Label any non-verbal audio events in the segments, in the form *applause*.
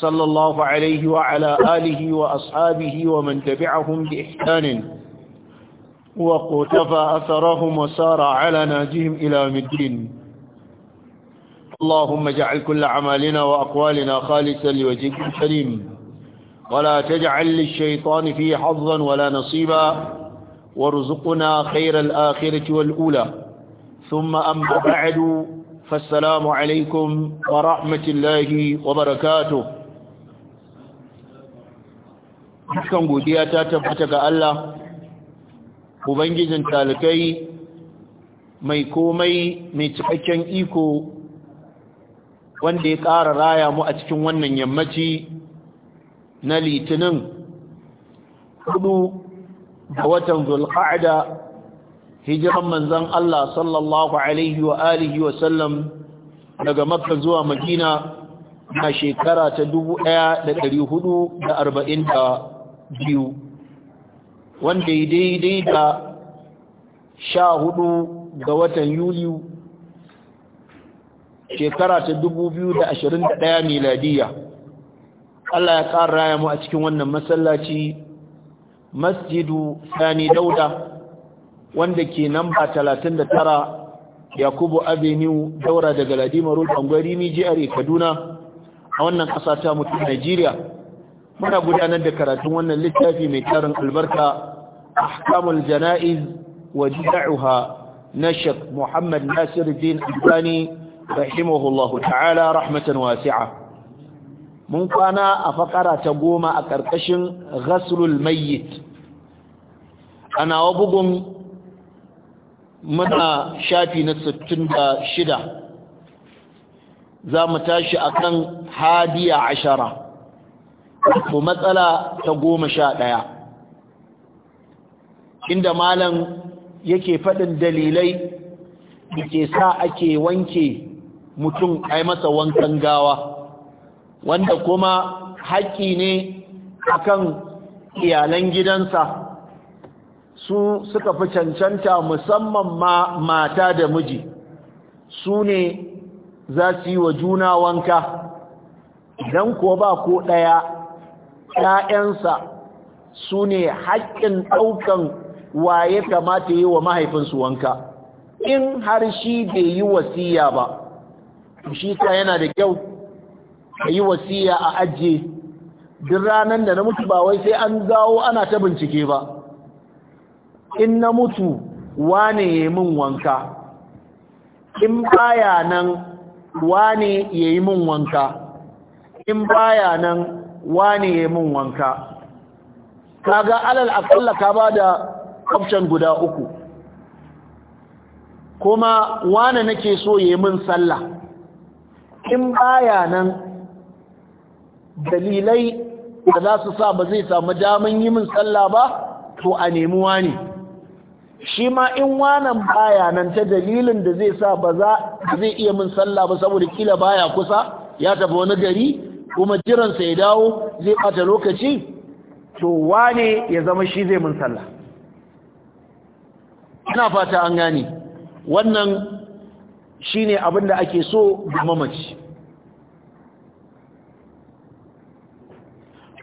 صلى الله عليه وعلى آله وأصحابه ومن تبعهم بإحسان وقتفى أثرهم وسار على ناجهم إلى مدين اللهم اجعل كل عمالنا وأقوالنا خالصا لوجهك الكريم ولا تجعل للشيطان فيه حظا ولا نصيبا وارزقنا خير الآخرة والأولى ثم أما بعد فالسلام عليكم ورحمة الله وبركاته dukkan godiya ta tabbata ga Allah ubangijin talakai, mai komai mai cikakken iko wanda ya ƙara raya mu a cikin wannan yammaci na litinin hudu da watan zulqa'da hijiran manzon Allah sallallahu alaihi wa alihi wa sallam daga makka zuwa madina na shekara ta 1440 biyu wanda ya daidai da sha hudu ga watan yuliyu shekara ta dubu biyu da ashirin da daya miladiya Allah ya ƙara ya mu a cikin wannan masallaci masjidu sani dauda wanda ke namba talatin da tara yakubu avenue daura daga ladimar road angwari kaduna a wannan ƙasa ta mutum najeriya muna gudanar da karatun wannan littafi mai tarin albarka ahkamul jana'iz wa jida'uha na Sheikh Muhammad din Albani rahimahullahu ta'ala rahmatan wasi'a mun kwana a fakara ta goma a ƙarƙashin ghaslul mayyit ana wa bugun muna shafi na 66 za mu tashi akan hadiya ashara ko matsala ta goma sha ɗaya inda malam yake faɗin dalilai da ke sa ake wanke mutum ai masa wankan gawa wanda kuma haƙƙi ne a kan iyalan gidansa su suka fi cancanta musamman ma mata da miji su ne za su yi wa juna wanka idan ko ba ko ɗaya Ya'yansa su ne haƙƙin ɗaukan waye kamata yi wa mahaifinsu wanka in har shi da yi wasiya ba shi ka yana da kyau ka yi wasiya a ajiye duk ranar da na mutu ba wai sai an gawo ana ta bincike ba in na mutu wane ya yi min wanka in baya nan wane ya yi min wanka in baya nan wane ya mun wanka kaga alal aqalla ka ba da option guda uku kuma wane nake so ya mun sallah in baya nan dalilai da za su sa ba zai samu daman yi min sallah ba to a nemi wani shi ma in wanan baya nan ta dalilin da zai sa ba za zai iya min sallah ba saboda kila baya kusa ya tafi wani gari kuma jiransa ya dawo zai bata lokaci to wane ya zama shi zai mun sallah ina fata an gane wannan shine abin da ake so da mamaci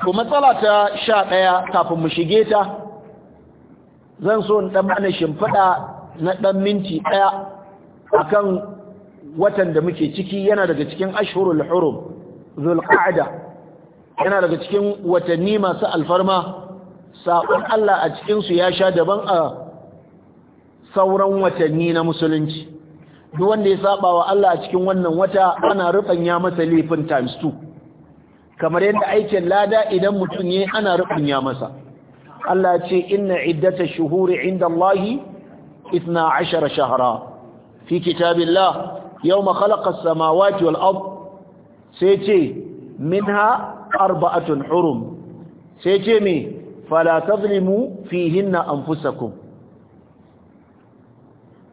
Ko matsala ta sha ɗaya kafin mu shige ta zan so in ɗan mana shimfiɗa na ɗan minti ɗaya akan watan da muke ciki yana daga cikin ashhurul hurum zulqa'da yana daga cikin watanni masu alfarma sabon Allah a cikinsu ya sha daban a sauran watanni na musulunci duk wanda ya saba wa Allah a cikin wannan wata ana rubanya masa laifin times 2 kamar yadda aikin lada idan mutum yayi ana rubanya masa Allah ya ce inna iddata shuhuri inda Allahi ashara shahara. fi kitabillah Yau khalaqa as-samawati wal ardh sai ce minha arba'atun hurum sai ce me fala tazlimu fihinna anfusakum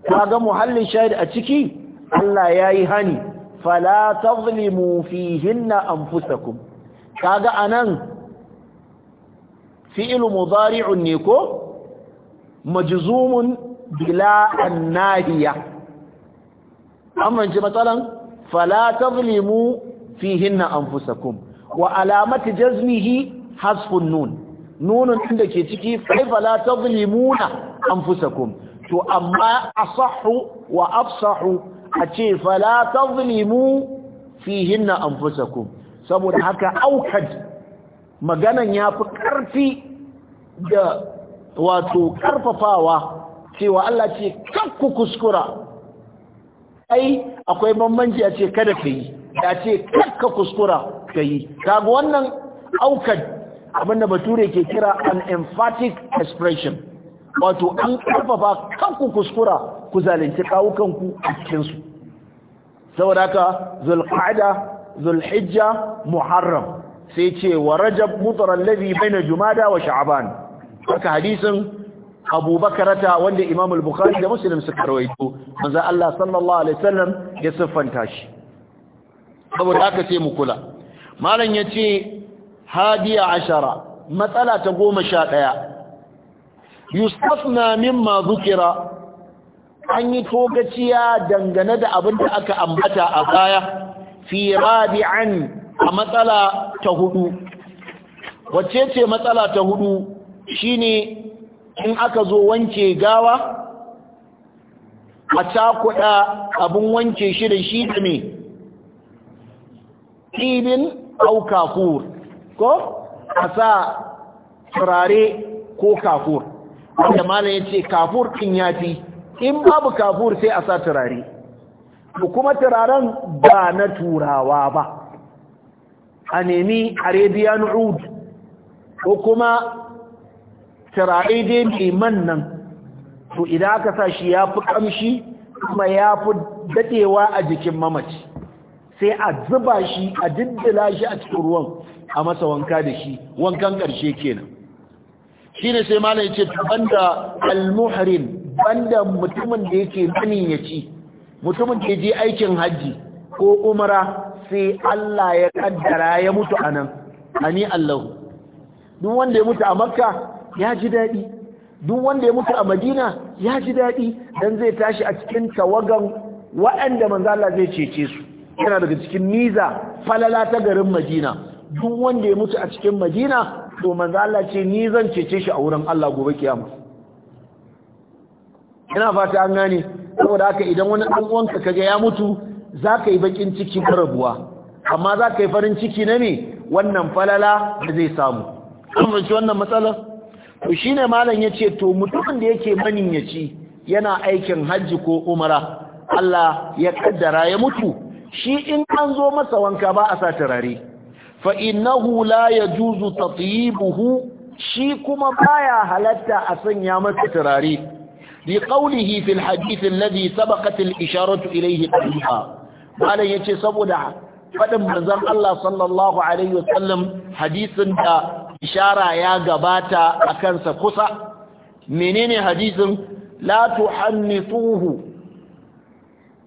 kaga muhallin shahid a ciki Allah yayi hani fala tazlimu fihinna anfusakum kaga anan fi'lu mudari'un ne ko majzumun bila annahiya amma ji matsalan fala tazlimu fihinna anfusakum wa alamati jazmihi hasfun nun nunun din ke ciki fa la tadlimuna anfusakum to amma asahhu wa afsahu a ce fa la tadlimu fihinna anfusakum saboda haka aukad maganan yafi karfi da wato karfafawa cewa Allah ce kakku kuskura ai akwai bambanci ce kada ka yi ya ce ka kuskura ka yi kaga wannan aukad abinda bature ke kira an emphatic expression wato an karfafa kanku kuskura ku zalunci kawukanku a cikinsu saboda haka zulqa'ada zulhijja muharram sai ce wa rajab mutarar lazi bai na jumada wa sha'aban haka hadisin abubakarata wanda imamul bukhari da muslim suka rawaito manzo Allah sallallahu alaihi wasallam ya siffanta shi saboda aka ce mu kula malam ya ce hadiya ashara matsala ta goma sha ɗaya Yusuf na mimma zukira an yi togaciya dangane da abin da aka ambata a baya fi rabi'an a matsala ta hudu wacce ce matsala ta hudu shine in aka zo wanke gawa a cakuɗa abin wanke shi da shi da me ɗibin au kafur ko a sa turare ko kafur wanda malam ya ce kafur ɗin ya fi in babu kafur sai a sa turare kuma turaren ba na turawa ba a nemi arabian oud ko kuma turare dai liman nan to idan aka sa shi ya fi ƙamshi kuma ya fi daɗewa a jikin mamaci sai a zuba shi a dindila shi a cikin ruwan a masa wanka da shi wankan ƙarshe kenan shi ne sai malam ya ce banda almuhrim banda mutumin da yake ci mutumin da ya je aikin hajji ko umara sai Allah ya kaddara ya mutu anan ani Allah duk wanda ya mutu a makka ya ji daɗi duk wanda ya mutu a madina ya ji daɗi dan zai tashi a cikin tawagan waɗanda manzo zai cece su yana daga cikin niza falala ta garin madina duk wanda ya mutu a cikin madina to manzo Allah ce ni zan cece shi a wurin Allah gobe kiyama ina fata an gane saboda haka idan wani dan uwanka kaga ya mutu zaka yi bakin ciki rabuwa amma zaka yi farin ciki na ne wannan falala da zai samu kuma shi wannan matsalar to shine malam yace to mutumin da yake maninyaci yana aikin hajji ko umara Allah ya kaddara ya mutu shi in an zo masa wanka ba a sa turare fa ya la yajuzu tatyibuhu shi kuma baya halatta a sanya masa turare li qawlihi fil hadith alladhi sabaqat al isharatu ilayhi qabliha malan yace saboda fadin manzon Allah sallallahu alaihi wasallam hadisin da ishara ya gabata akan sa kusa menene hadisin la tuhannituhu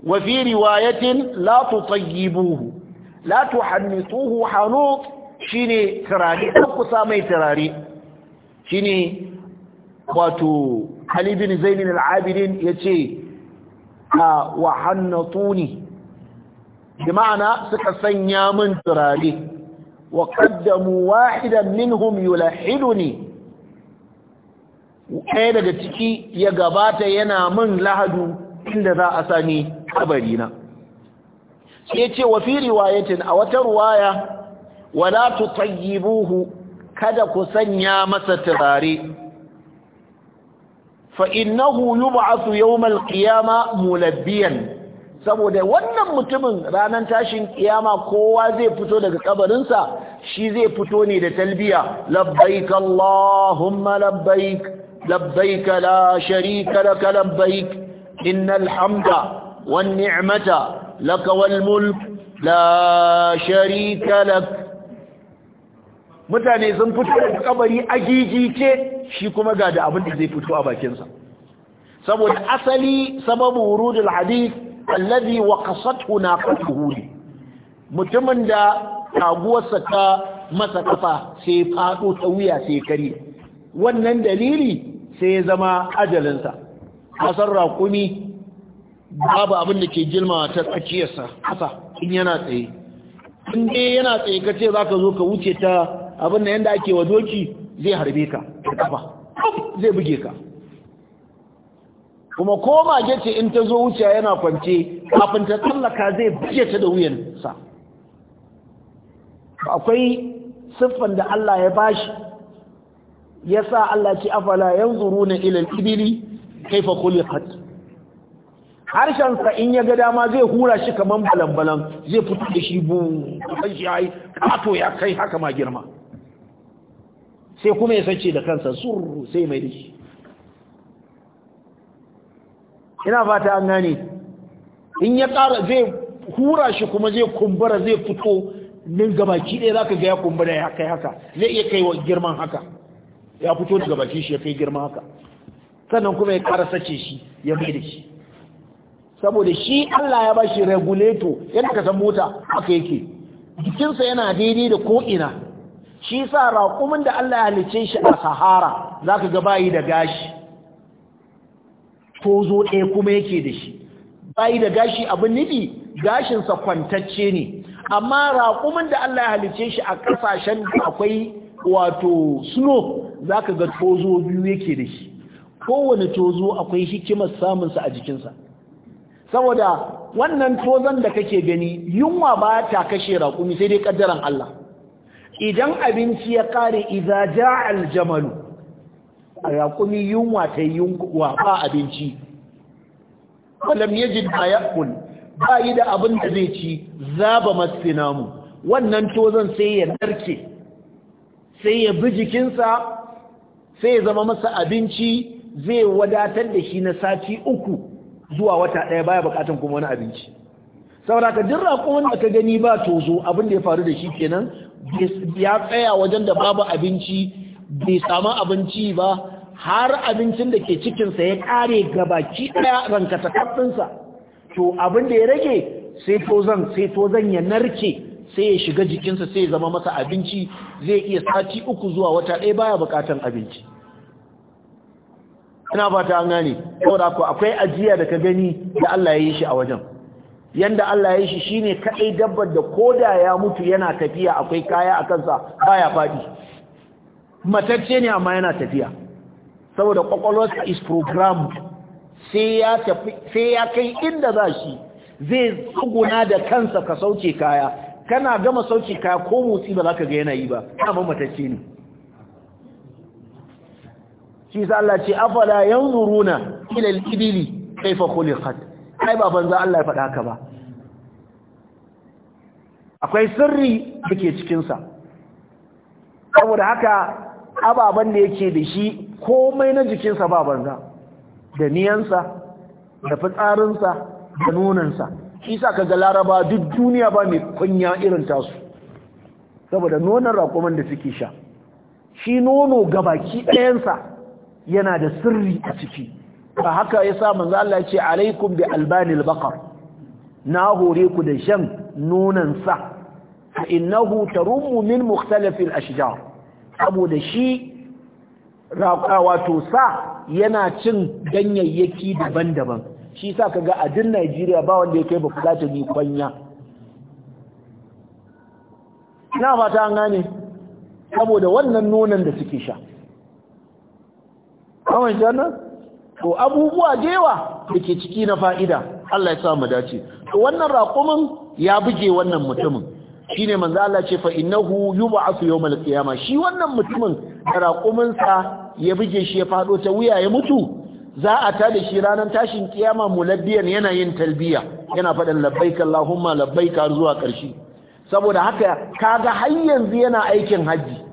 Wafiri fi riwayatin buhu. tutayyibuhu la tuhannituhu hanut shine turare ku sa mai turare shine wato Ali bin Zaid bin al-Abidin yace a wa hannatuni bi ma'ana suka sanya min turare wa qaddamu wahidan minhum yulahiduni ɗaya daga ciki ya gabata yana min lahadu inda za a sani kabari na sai ce wa fi riwayatin a wata ruwaya wala tutayyibuhu kada ku sanya masa turare fa innahu yub'athu yawmal qiyama mulabbiyan saboda wannan mutumin ranar tashin kiyama kowa zai fito daga kabarinsa shi zai fito ne da talbiya labbaik allahumma labbaik labbaik la sharika lak labbaik innal hamda والنعمة لك والملك لا شريك لك mutane sun fito daga kabari ajijice shi kuma ga da abin zai fito a bakinsa saboda asali sababu wurudul hadith alladhi waqasathu naqatuhu mutumin da kaguwarsa ta masa kafa sai fado ta wuya sai kare wannan dalili sai ya zama ajalinsa kasar raƙumi babu abin da ke girma ta tsakiyarsa ƙasa in yana tsaye in dai yana tsaye ka ce za ka zo ka wuce ta abin da yadda ake wa doki zai harbe ka da kafa zai buge ka kuma ko mage ce in ta zo wuce yana kwance kafin ta tsallaka zai buge ta da wuyansa akwai siffan da Allah ya bashi ya sa Allah ce afala yanzuru na ilal ibili kaifa khuliqat harshensa in ya ga dama zai hura shi kaman balan-balan zai fito da shi bu kan shi ai kato ya kai haka ma girma sai kuma ya sace da kansa sur sai mai da shi ina fata an gane in ya ƙara zai hura shi kuma zai kumbura zai fito nin gabaki ɗaya za ka ga ya kumbura ya kai haka zai iya kai girman haka ya fito da gabaki shi ya kai girman haka sannan kuma ya ƙara sace shi ya mai da shi saboda shi Allah ya bashi regulator yana ka san mota haka yake jikinsa yana daidai da ko'ina shi sa raƙumin da Allah ya halice shi a sahara za ka ga bayi da gashi tozo ɗaya kuma yake da shi bayi da gashi abin nufi gashinsa kwantacce ne amma raƙumin da Allah ya halice shi a ƙasashen da akwai wato snow za ka ga tozo biyu yake da shi kowane tozo akwai hikimar samunsa a jikinsa saboda wannan tozon da kake gani yunwa ba ta kashe raƙumi sai dai ƙaddaran Allah idan abinci ya ƙare idza ja'a aljamalu raƙumi yunwa ta yunwa ba abinci walam da ya ya'kul ba yi da abin da zai ci zaba mu. wannan tozon sai ya narke sai ya bi jikinsa sai ya zama masa abinci zai wadatar da shi na sati uku zuwa wata ɗaya baya bukatan kuma wani abinci saboda ka jira ko da ka gani ba tozo abin da ya faru da shi kenan ya tsaya wajen da babu abinci bai samu abinci ba har abincin da ke cikin sa ya ƙare baki ɗaya rankata kaɗinsa to abin da ya rage sai zan sai zan ya narke sai ya shiga jikinsa sai ya zama masa abinci zai iya sati uku zuwa wata ɗaya baya bukatan abinci ina fata an gane saboda ko akwai ajiya da ka gani da Allah ya yi shi a wajen yanda Allah ya yi shi shine kadai dabbar da koda ya mutu yana tafiya akwai kaya a kansa kaya fadi matacce ne amma yana tafiya saboda kwakwalwarsa is programmed sai ya tafi sai ya kai inda za shi zai tsuguna da kansa ka sauke kaya kana gama sauke kaya ko motsi ba za ka ga yana yi ba amma matacce ne shi sa Allah ce afala yanzuruna ila al-ibili kaifa khuliqat kai ba banza Allah ya faɗa haka ba akwai sirri dake cikin sa saboda haka ababan da yake da shi komai na jikinsa ba banza da niyansa da fitsarinsa da sa shi sa kaga laraba duk duniya ba mai kunya irin tasu saboda nonon rakuman da suke sha shi nono ga baki ɗayansa yana da sirri a ciki ba haka ya sa manzo Allah ce alaikum bi albanil baqar na hore ku da shan nunan sa fa innahu tarumu min mukhtalifil ashjar saboda shi raƙa wato sa yana cin ganyayyaki daban-daban shi sa kaga a din Najeriya ba wanda ya kai ba kula ta ni kwanya na fata an gane saboda wannan nonon da suke sha an wannan to abubuwa da yawa da ke ciki na fa'ida Allah ya sa mu dace to wannan raƙumin ya buge wannan mutumin shine manzo Allah ce fa innahu yub'athu yawmal qiyama shi wannan mutumin da raƙumin sa ya buge shi ya fado ta wuya ya mutu za a ta da shi ranar tashin kiyama mulabbiyan yana yin talbiya yana faɗin labbaik Allahumma labbaik har zuwa ƙarshe saboda haka kaga har yanzu yana aikin haji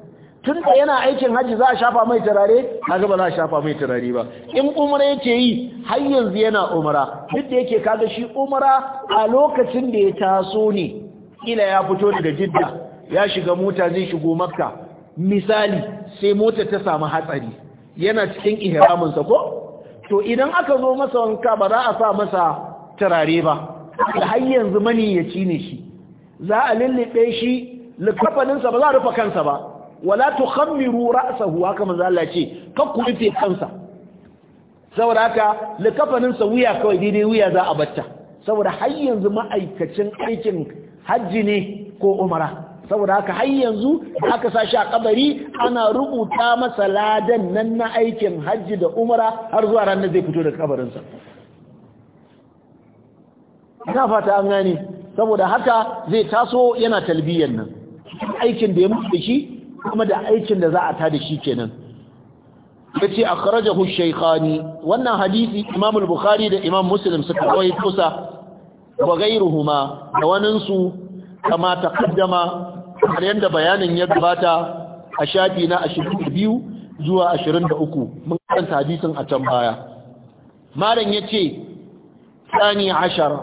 tun da yana aikin hajji za a shafa mai turare na gaba za a shafa mai turare ba in umra yake yi har yanzu yana umara duk da yake kaga shi umra a lokacin da ya taso ne kila ya fito daga jidda ya shiga mota zai shigo makka misali sai mota ta samu hatsari yana cikin ihraminsa ko to idan aka zo masa wanka ba za a sa masa turare ba da har yanzu mani ya ne shi za a lullube shi likafaninsa ba za a rufe kansa ba wala tukhammiru ra'sahu haka manzo Allah ce ka ku rufe kansa saboda haka kafanin sa wuya kawai daidai wuya za a batta saboda har yanzu ma'aikacin aikin hajji ne ko umara saboda haka har yanzu aka shi a kabari ana rubuta masa ladan nan na aikin hajji da umara har zuwa ranar zai fito daga kabarinsa ina fata an gane saboda haka zai taso yana talbiyyar nan aikin da ya mutu shi kuma da aikin da za a tada shi kenan yace akhrajahu shaykhani wannan hadisi imamul bukhari da imam muslim suka rawaito kusa wa ghayruhuma da waninsu kama kaddama har yadda bayanin ya gabata a shafi na 22 zuwa 23 mun karanta hadisin a can baya malam yace tsani 10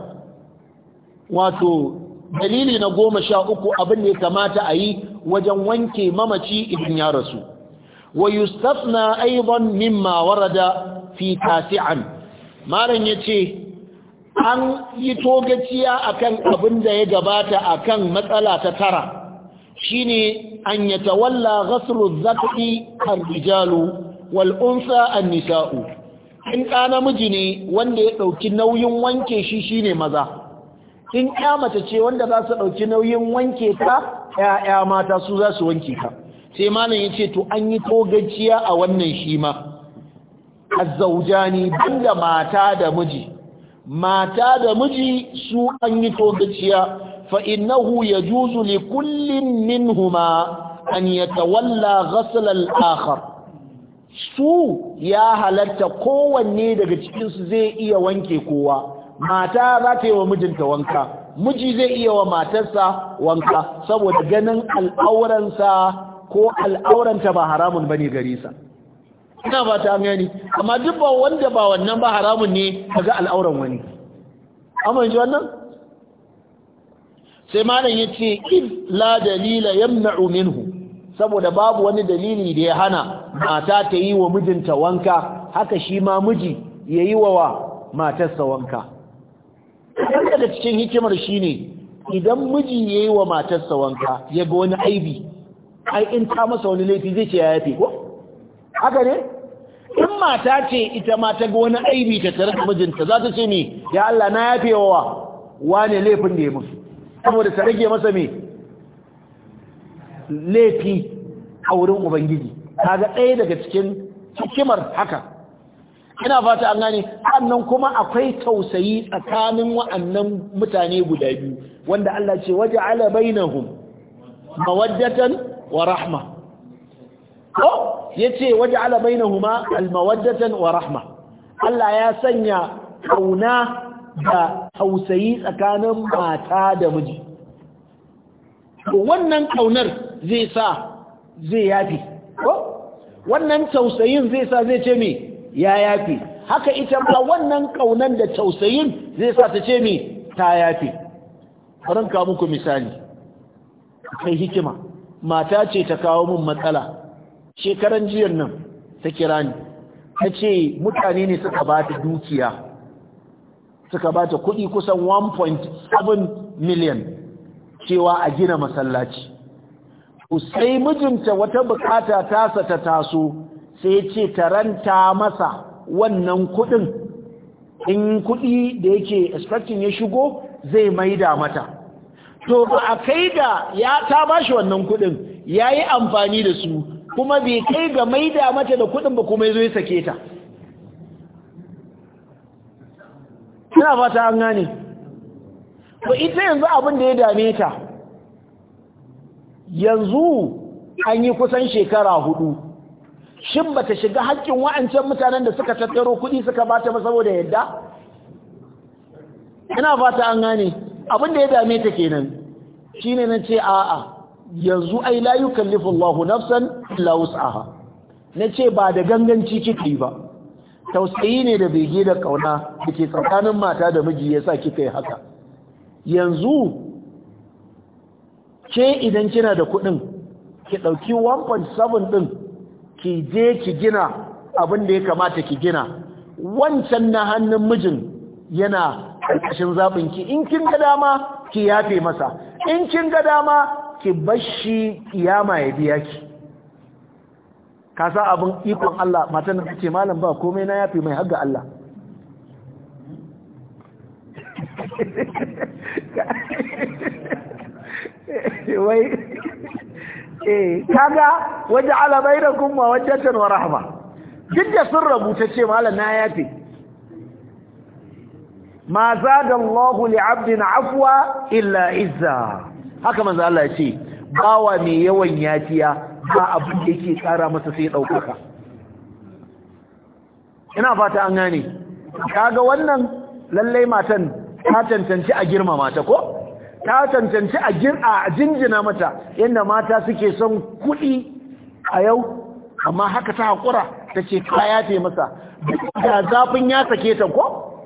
wato dalili na goma sha uku, abin da ya kamata a yi wajen wanke mamaci idan ya rasu wa yustafna aidan mimma warada fi tasi'an malam yace an yi togaciya akan abin da ya gabata akan matsala ta tara shine an yatawalla ghasru dhakri ar-rijalu wal unsa an-nisa'u in ka namiji ne wanda ya ɗauki nauyin wanke shi shine maza in mace ce wanda za su ɗauki nauyin wanke ta 'ya'ya mata su za su wanke ka sai malam yace to an yi togaciya a wannan shi ma azzaujani banda mata da miji mata da miji su an yi togaciya fa innahu yajuzu li kullin minhuma an yatawalla ghasl al-akhar su ya halatta kowanne daga cikinsu zai iya wanke kowa mata za ta yi wa mijinta wanka miji zai iya wa matarsa wanka saboda ganin al'auransa ko al'auranta ba haramun bane gare sa ina ba ta gani amma duk ba wanda ba wannan ba haramun ne kaga al'auran wani amma yanzu wannan sai malam yace in la dalila yamna'u minhu saboda babu wani dalili da ya hana mata ta yi wa mijinta wanka haka shi ma miji yayi wa matarsa wanka kadan daga cikin hikimar shine idan miji ya yi wa matarsa wanka ya ga wani aibi ai in ta masa wani laifi zai ce ya yafe ko haka ne in mata ce ita ma ta ga wani aibi ta tare da mijinta za ta ce me, ya Allah na yafe wa wane laifin da ya musu saboda ta rage masa me laifi a wurin ubangiji kaga ɗaya daga cikin hikimar haka ina fata an gane sannan kuma akwai tausayi tsakanin wa'annan mutane guda biyu wanda Allah ce waje ala bainahum mawaddatan wa rahma ko yace waje ala bainahuma almawaddatan wa rahma Allah ya sanya kauna da tausayi tsakanin mata da miji wannan kaunar zai sa zai yafi ko wannan tausayin zai sa zai ce me ya yafi haka ita ma wannan kaunan da tausayin zai sa ta ce mi ta yafi ranka muku misali kai hikima mata ce ta kawo min matsala shekaran jiyan nan ta kira ni ta ce mutane ne suka ba ta dukiya suka ba ta kuɗi kusan 1.7 million. cewa a gina masallaci Usai mijinta wata bukata tasa ta taso sai ya ce taranta masa wannan kudin in kudi da yake expecting ya shigo zai maida mata to ba a kai ga ya ta bashi wannan kudin ya yi amfani da su kuma bai kai ga maida mata da kudin ba kuma ya zo ya sake ta ina fata an gane ba ita yanzu abin da ya dame ta yanzu an yi kusan shekara hudu shin ba ta shiga haƙƙin wa'ancan mutanen da suka tattaro kuɗi suka bata ba saboda yadda ina fata an gane abin da ya dame ta kenan shine na ce a'a yanzu ai layukan lifin lahu nafsan aha. Na ce ba da ganganci kika yi ba tausayi ne da bege da kauna ke tsakanin mata da miji ya sa kika yi haka yanzu ke idan kina da kuɗin ki ɗauki 1.7 ɗin. ki je ki gina abin da ya kamata ki gina wancan na hannun mijin yana ƙarƙashin zaɓin ki in kin ga dama ki yafe masa in kin ga dama ki bashi kiyama ya biya ki ka sa abin ikon Allah matan da ce malam ba komai na yafe mai haga Allah *laughs* wai eh kaga waje ala bainakum mawaddatan wa rahma duk sun rubuta ce malam na yafi ma zada Allahu abdin afwa illa izza haka manzo Allah ya ce bawa mai yawan yafiya ba abin da yake kara masa sai daukaka ina fata an gane kaga wannan lallai matan ta tantance a girmama ta ko ta cancanci a jinjina mata yadda mata suke son kuɗi a yau amma haka ta haƙura ta ce kaya ce masa da zafin ya sake ta ko?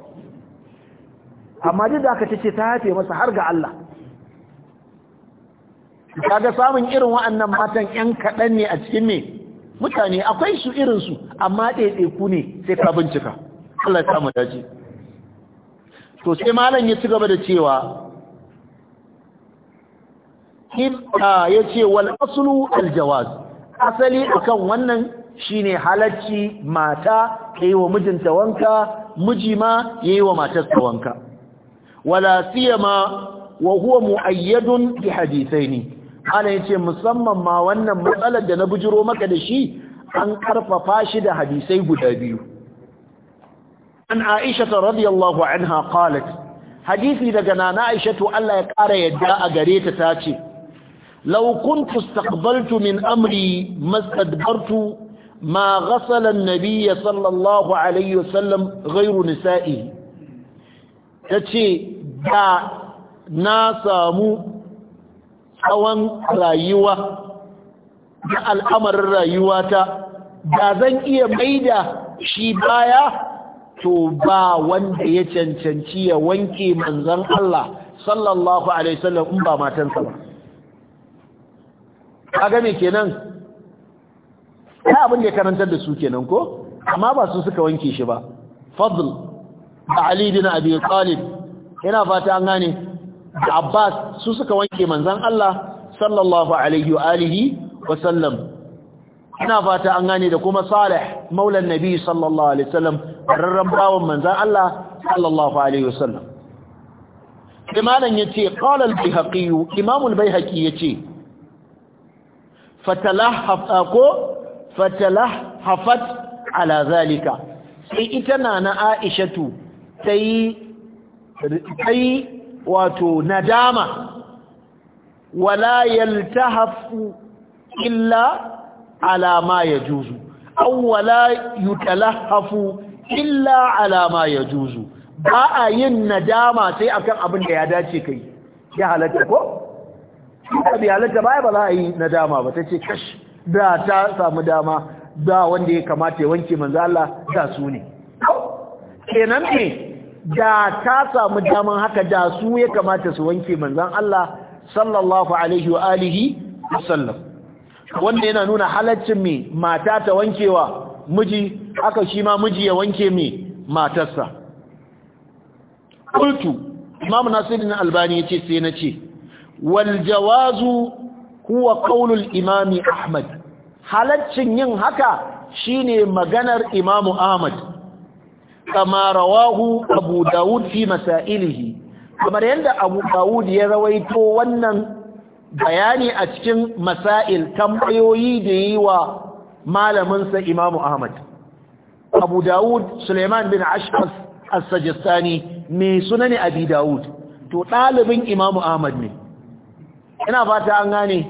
amma duk da aka ta ce ta haife masa har ga Allah kaga samun irin wa'annan matan 'yan kaɗan ne a cikin mai? mutane akwai su irinsu amma ɗaiɗaiku ne sai ka bincika Allah ya samu daji. to sai malam ya ci gaba da cewa ya ce wal asulu aljawaz asali akan wannan shine halacci mata ta yi wa mijinta wanka miji ma ya yi wa matarsa wanka wala siyama wa huwa mu'ayyadun bi hadithaini ana yace musamman ma wannan matsalar da na bujiro maka da shi an karfafa shi da hadisai guda biyu an aisha radiyallahu anha qalat hadisi daga nana aisha to Allah ya kara yadda a gare ta tace لو كنت استقبلت من أمري ما استدبرت ما غسل النبي صلى الله عليه وسلم غير نسائه تتشي دا ناسا مو tsawon rayuwa da al'amarin rayuwata da zan iya maida shi baya to ba wanda ya cancanci ya wanke manzan Allah sallallahu Alaihi wasallam in ba matansa ba Aga me kenan ya abin da ya karantar da su kenan ko amma ba su suka wanke shi ba fadl da ali bin abi talib ina fata an gane abbas su suka wanke manzon Allah sallallahu alaihi wa alihi wa sallam ina fata an gane da kuma salih maulan nabi sallallahu alaihi wasallam rarran bawon manzon Allah sallallahu alaihi wasallam imanan yace qala al-bihaqi imam al-baihaqi yace fatalahaf ah, ko fatalahafat ala zalika sai ita na na aishatu tayi tayi wato nadama wala yaltahafu illa ala ma juzu an wala yutalahafu illa ala ma yajuzu ba a yin nadama sai akan abin da ya dace kai ya halatta ko da bai lalata ba ba za a yi dama ba ta ce kash da ta samu dama da wanda ya kamata ya wanke manzo Allah da su ne kenan ne da ta samu daman haka da su ya kamata su wanke manzo Allah sallallahu alaihi wa alihi wasallam wanda yana nuna halaccin me mata ta wankewa miji aka shi ma miji ya wanke me matarsa kultu imam na albani ya ce sai na ce waljawazu huwa qaulul imami ahmad halaccin yin haka shine maganar imamu ahmad kama rawahu abu daud fi masailihi kamar yadda abu daud ya rawaito wannan bayani a cikin masail tambayoyi da yi wa malaminsa imamu ahmad abu daud suleiman bin ash'as as-sajistani mai sunani abi daud to ɗalibin imamu ahmad ne ina fata an gane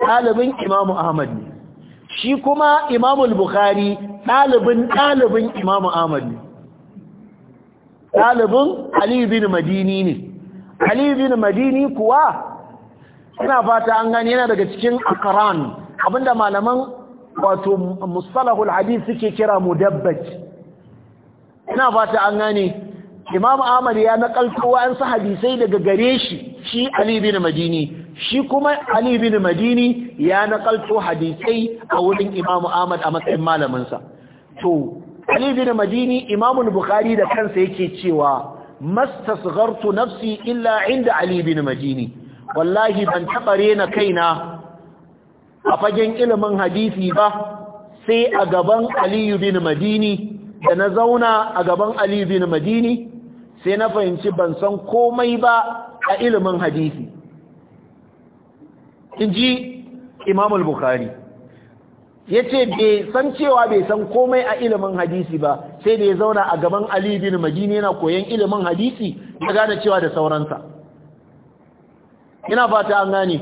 ɗalibin imamu ahmad ne shi kuma imamu bukhari ɗalibin ɗalibin imamu ahmad ne ɗalibin aliyu bin madini ne aliyu bin madini kuwa ina fata an gane yana daga cikin akaran abinda malaman wato al hadith suke kira mudabbaj ina fata an gane imamu ahmad ya nakalto wa'ansu hadisai daga gare shi shi Ali bin Madini shi kuma Ali bin Madini ya nakalto hadisai a wurin Imam Ahmad a matsayin malamin sa to Ali bin Madini Imam Bukhari da kansa yake cewa mastasghartu nafsi illa inda Ali bin Madini wallahi ban taɓa rena kaina a fagen ilimin hadisi ba sai a gaban Ali bin Madini da na zauna a gaban Ali bin Madini sai na fahimci ban san komai ba a ilimin hadisi in ji Imam al bukhari ya ce bai san cewa bai san komai a ilimin hadisi ba sai da ya zauna a gaban alibin bin yana koyan ilimin hadisi ya gane cewa da sauransa ina fata an gane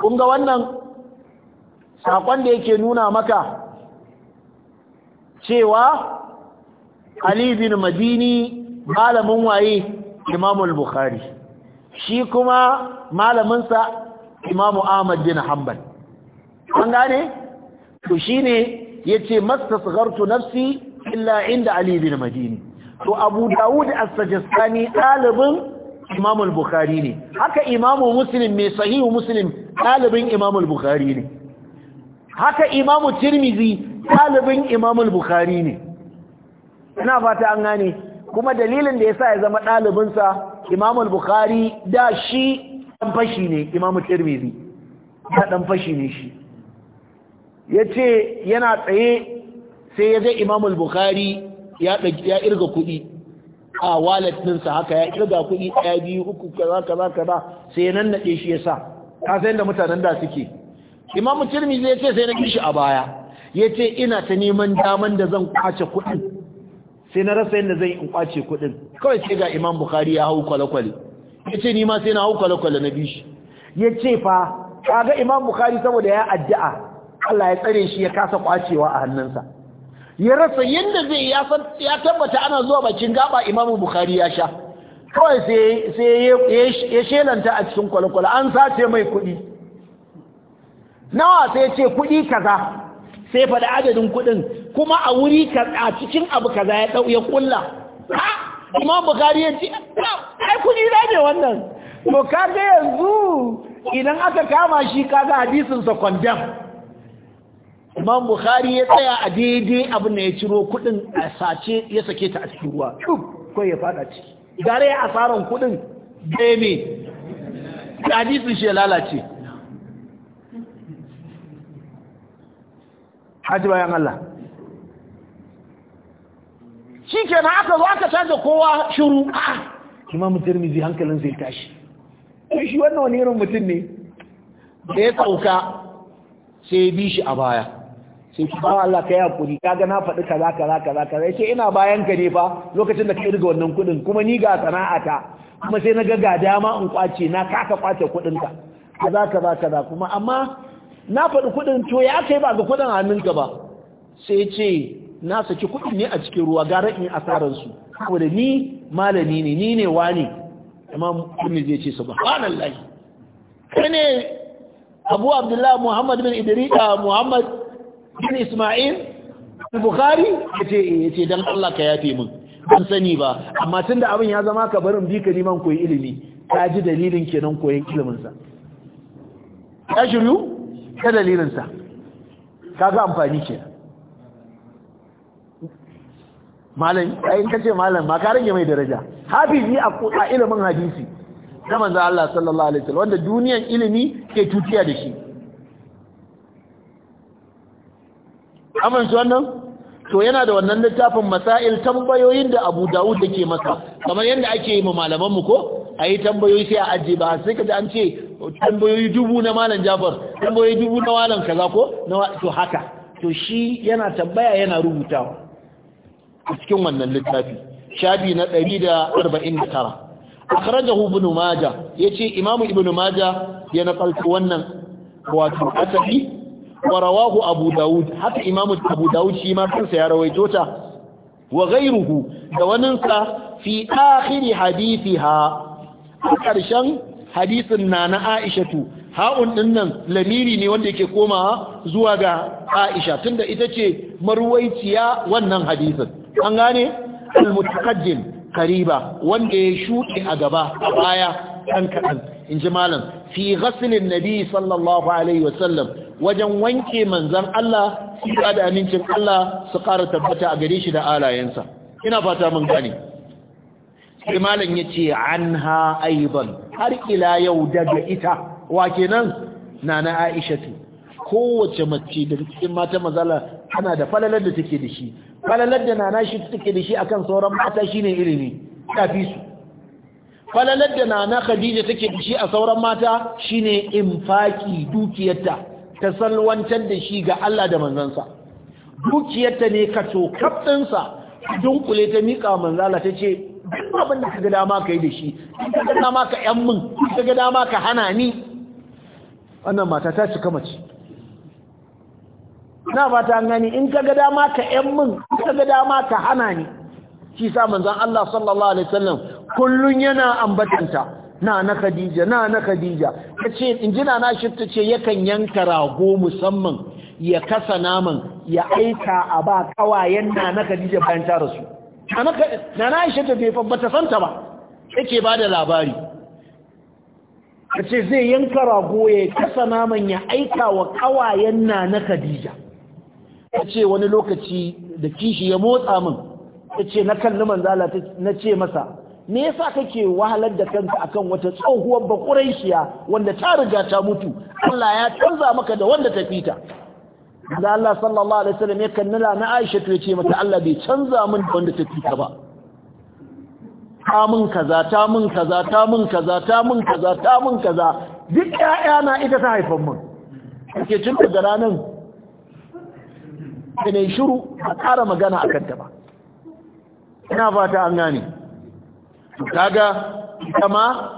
kun ga wannan sakon da yake nuna maka cewa ali bin madini malamin waye Imam al bukhari shi kuma malaminsa imamu ahmad bin hanbal an gane to shine yace mastasghartu nafsi illa inda ali bin madini to abu daud as-sajistani dalibin imam al-bukhari ne haka imam muslim mai sahihu muslim dalibin imam al-bukhari ne haka imamu tirmizi dalibin imam al-bukhari ne ina fata an gane kuma dalilin da yasa ya zama dalibinsa imam al-bukhari da shi dan fashi ne imam tirmidhi da dan fashi ne shi yace yana tsaye sai yaje ga imam al-bukhari ya ya irga kuɗi a wallet ɗinsa haka ya irga kudi ɗaya biyu uku kaza kaza kaza sai nan nade shi yasa ka san da mutanen da suke imam tirmidhi yace sai na kishi a baya yace ina ta neman daman da zan kwace kuɗin sai na rasa yanda zai in kwace kuɗin kawai sai ga imam bukari ya hau kwale-kwale ya ce nima sai na hau kwale-kwale na bishi ya ce fa kaga imam bukari saboda ya addu'a Allah ya tsare shi ya kasa kwacewa a hannunsa ya rasa yadda zai ya tabbata ana zuwa bakin gaba imam bukari ya sha kawai sai ya shelanta a cikin kwale-kwale an sace mai kuɗi nawa sai ya ce kuɗi kaza sai faɗi adadin kuɗin kuma a wuri a cikin abu kaza ya ɗau ya ƙulla kuma bukari ya ce ai kuɗi na ne wannan to kaga yanzu idan aka kama shi kaga hadisinsa kwandam imam bukhari ya tsaya a daidai abin da ya ciro kuɗin a sace ya sake ta a cikin ruwa kai ya fada ciki gare ya asaran kudin dai ne hadisin shi ya lalace haji bayan Allah shi kenan aka zo aka canza kowa shiru imamu tirmizi hankalin zai tashi shi wannan wani irin mutum ne da ya sauka sai bi shi a baya sai ki bawa Allah ka yi hakuri kaga na faɗi kaza kaza kaza kaza yace ina bayan ka ne fa lokacin da ka irga wannan kuɗin kuma ni ga sana'ata kuma sai na ga ga dama in kwace na kaka kwace kudin ka kaza kaza kaza kuma amma na faɗi kuɗin to ya kai ba ga kuɗin hannunka ba sai ce na saki kuɗi ne a cikin ruwa gara in asararsu saboda ni malami ne ni ne wani imam kunni zai ce subhanallahi kai ne abu abdullahi muhammad bin idrisa ah, muhammad bin isma'il bukhari yace eh, yace dan Allah ka yafe min ban sani ba amma tunda abin ya zama ka barin bi ka koyi ilimi ka ji dalilin kenan koyin ilimin sa ya shiryu ka dalilin sa kaga amfani kenan malam ayin kace malam ba ka rage mai daraja hafizi a ilimin hadisi da manzo Allah sallallahu alaihi wasallam wanda duniyan ilimi ke tutiya da shi aman su wannan to yana da wannan littafin masail tambayoyin da Abu Dawud yake masa kamar yanda ake yi ma malaman mu ko ayi tambayoyi sai a aje ba sai kaji an ce tambayoyi dubu na malam Jafar tambayoyi dubu na malam kaza ko to haka to shi yana tambaya yana rubutawa a cikin wannan littafi shafi na 149 akhrajahu ibn majah yace imam ibn majah ya nakalta wannan wato asali wa rawahu abu daud haka imam abu daud shi ma kansa ya rawaito ta wa ghayruhu da sa fi akhir hadithiha karshen hadisin nana aishatu ha'un ɗin nan lamiri ne wanda yake koma zuwa ga aisha tunda ita ce marwaiciya wannan hadisin an gane al-mutaqaddim qariba wanda ya shuke a gaba a baya kan kadan in ji malam fi ghaslin nabi sallallahu alaihi wasallam wajen wanke manzon Allah shi da amincin Allah su ƙara tabbata a gare shi da alayensa ina fata mun gane sai malam yace anha aiban har ila yau daga ita wa kenan nana Aisha kowace mace da cikin mata mazala tana da falalar da take da shi falalar da nana shi take da shi akan sauran mata shine ilimi ta fi su falalar da nana khadija take da shi a sauran mata shine infaki dukiyarta ta salwantar da shi ga Allah da manzansa dukiyarta ne ka to kaftinsa dunkule ta mika manzala ta ce duk abin da kaga dama ka da shi kaga dama ka yan min kaga dama ka hana ni wannan mata ta cika mace na ta gani in ka ga dama ka yan min ka ga dama ka hana ni shi sa manzon Allah sallallahu alaihi wasallam kullun yana ambatanta na na Khadija na na Khadija kace injina na shi tace yakan yanka rago musamman ya kasa naman ya aika a ba kawayen na na Khadija bayan ta rasu na na Aisha ta bai bata santa ba yake ba da labari kace zai yanka rago ya kasa naman ya aika wa kawayen na na Khadija Yace ce wani lokaci da kishi ya motsa min ya ce na kalli manzala na ce masa me yasa kake wahalar da kanka akan wata tsohuwar shiya wanda ta riga ta mutu Allah ya canza maka da wanda ta fita da Allah sallallahu alaihi wasallam ya kannala na Aisha to ce mata Allah bai canza min da wanda ta fita ba ta mun kaza ta mun kaza ta mun kaza ta mun kaza ta mun kaza duk ƴaƴana ita ta haifan mun kike cin da ranan da na shiru a ƙara magana a kanta ba ina fata an gane kaga kama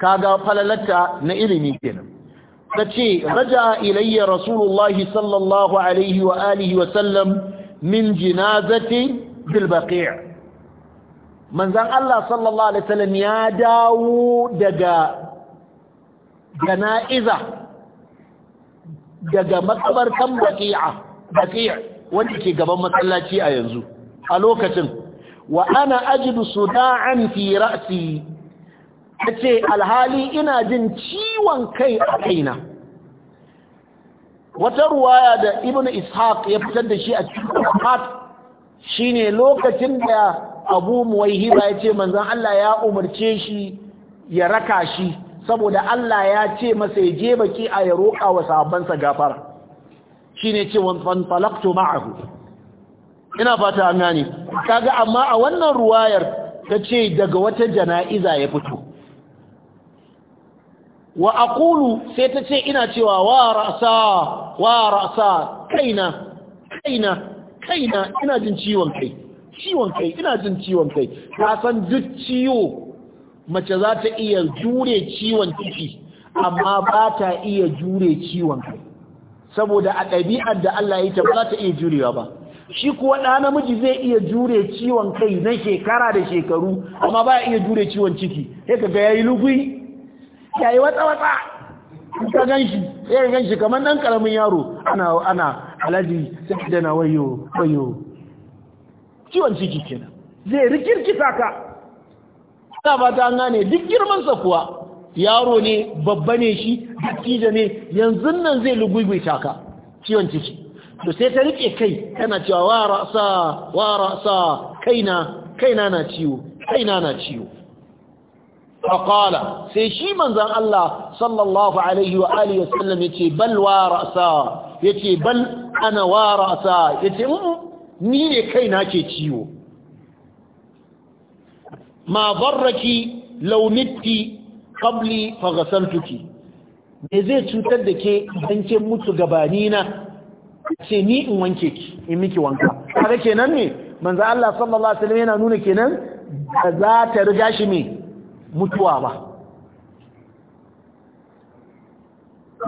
kaga falalatta na ilimi kenan Sace ce raja ilayya rasulullahi sallallahu alaihi wa alihi wa sallam min jinazati bilbaƙiya manzan Allah sallallahu Alaihi wasallam ya dawo daga jana'iza daga makabartan baƙi'a baqiya wanda ke gaban matsalaci a yanzu a lokacin wa ana ajidu suda'an fi ra'si tace alhali ina jin ciwon kai a kaina wata ruwaya da ibnu ishaq ya fitar da shi a cikin shine lokacin da abu muwaihiba ya ce manzan Allah ya umarce shi ya raka shi saboda Allah ya ce masa ya je baki a ya roƙa wa sabonsa gafara shine cewa talaqtu ma'ahu ina fata an gane kaga amma a wannan ruwayar tace daga wata jana'iza ya fito wa aqulu sai tace ina cewa wa ra'sa wa ra'sa kaina kaina kaina ina jin ciwon kai ciwon kai ina jin ciwon kai ka san duk ciwo mace za ta iya jure ciwon ciki amma ba ta iya jure ciwon kai saboda a ɗabi'ar da Allah ya yi ta ba ta iya jurewa ba shi kuwa ɗa namiji zai iya jure ciwon kai na shekara da shekaru amma ba iya jure ciwon ciki sai ya yi yayi lugui yayi watsa watsa ka ganshi sai ka ganshi kamar dan karamin yaro ana ana alaji sai da na wayo wayo ciwon ciki kenan zai rikirkita ka ta ba ta gane duk girman sa kuwa yaro ne babba ne shi dattijo ne yanzu nan zai lugugwita ka ciwon ciki to sai ta rike kai tana cewa wa ra'sa wa ra'sa kaina kaina na ciwo kaina na ciwo faqala sai shi manzon Allah sallallahu alaihi wa alihi wasallam yace bal wa ra'sa yace bal ana wa ra'sa yace mm, ni ne kaina ke ciwo ma barraki launiti kabli fa tuki me zai cutar da ke idan ke mutu gabani na ce ni in wanke ki in miki wanka kaga kenan ne manzo Allah sallallahu alaihi wasallam yana nuna kenan ba za ta riga shi me mutuwa ba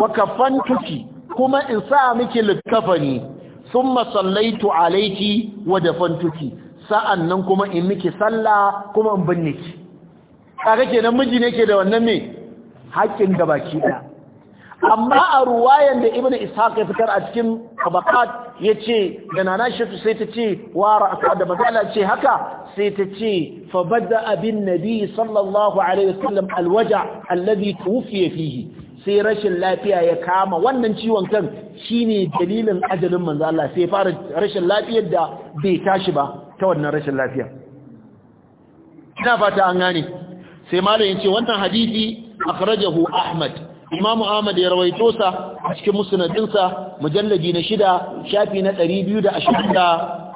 wa tuki kuma in sa miki likafani thumma sallaitu alayki wa dafantuki sa'annan kuma in miki sallah kuma in binne ki kaga kenan miji ne ke da wannan me haƙƙin da baki ɗaya amma a ruwayan da ibnu ishaq ya fitar a cikin tabaqat yace da nana shatu sai ta ce wa ra'a da bazala ce haka sai ta ce fa bada abin nabi sallallahu alaihi wasallam alwaja alladhi tufiya fihi sai rashin lafiya ya kama wannan ciwon kan shine dalilin ajalin manzo Allah sai fara rashin lafiyar da bai tashi ba ta wannan rashin lafiya ina fata an gane sai malam ce wannan hadisi akhrajahu ahmad Imamu ahmad ya rawaito sa a cikin musnadin sa mujallabi na shida shafi na 228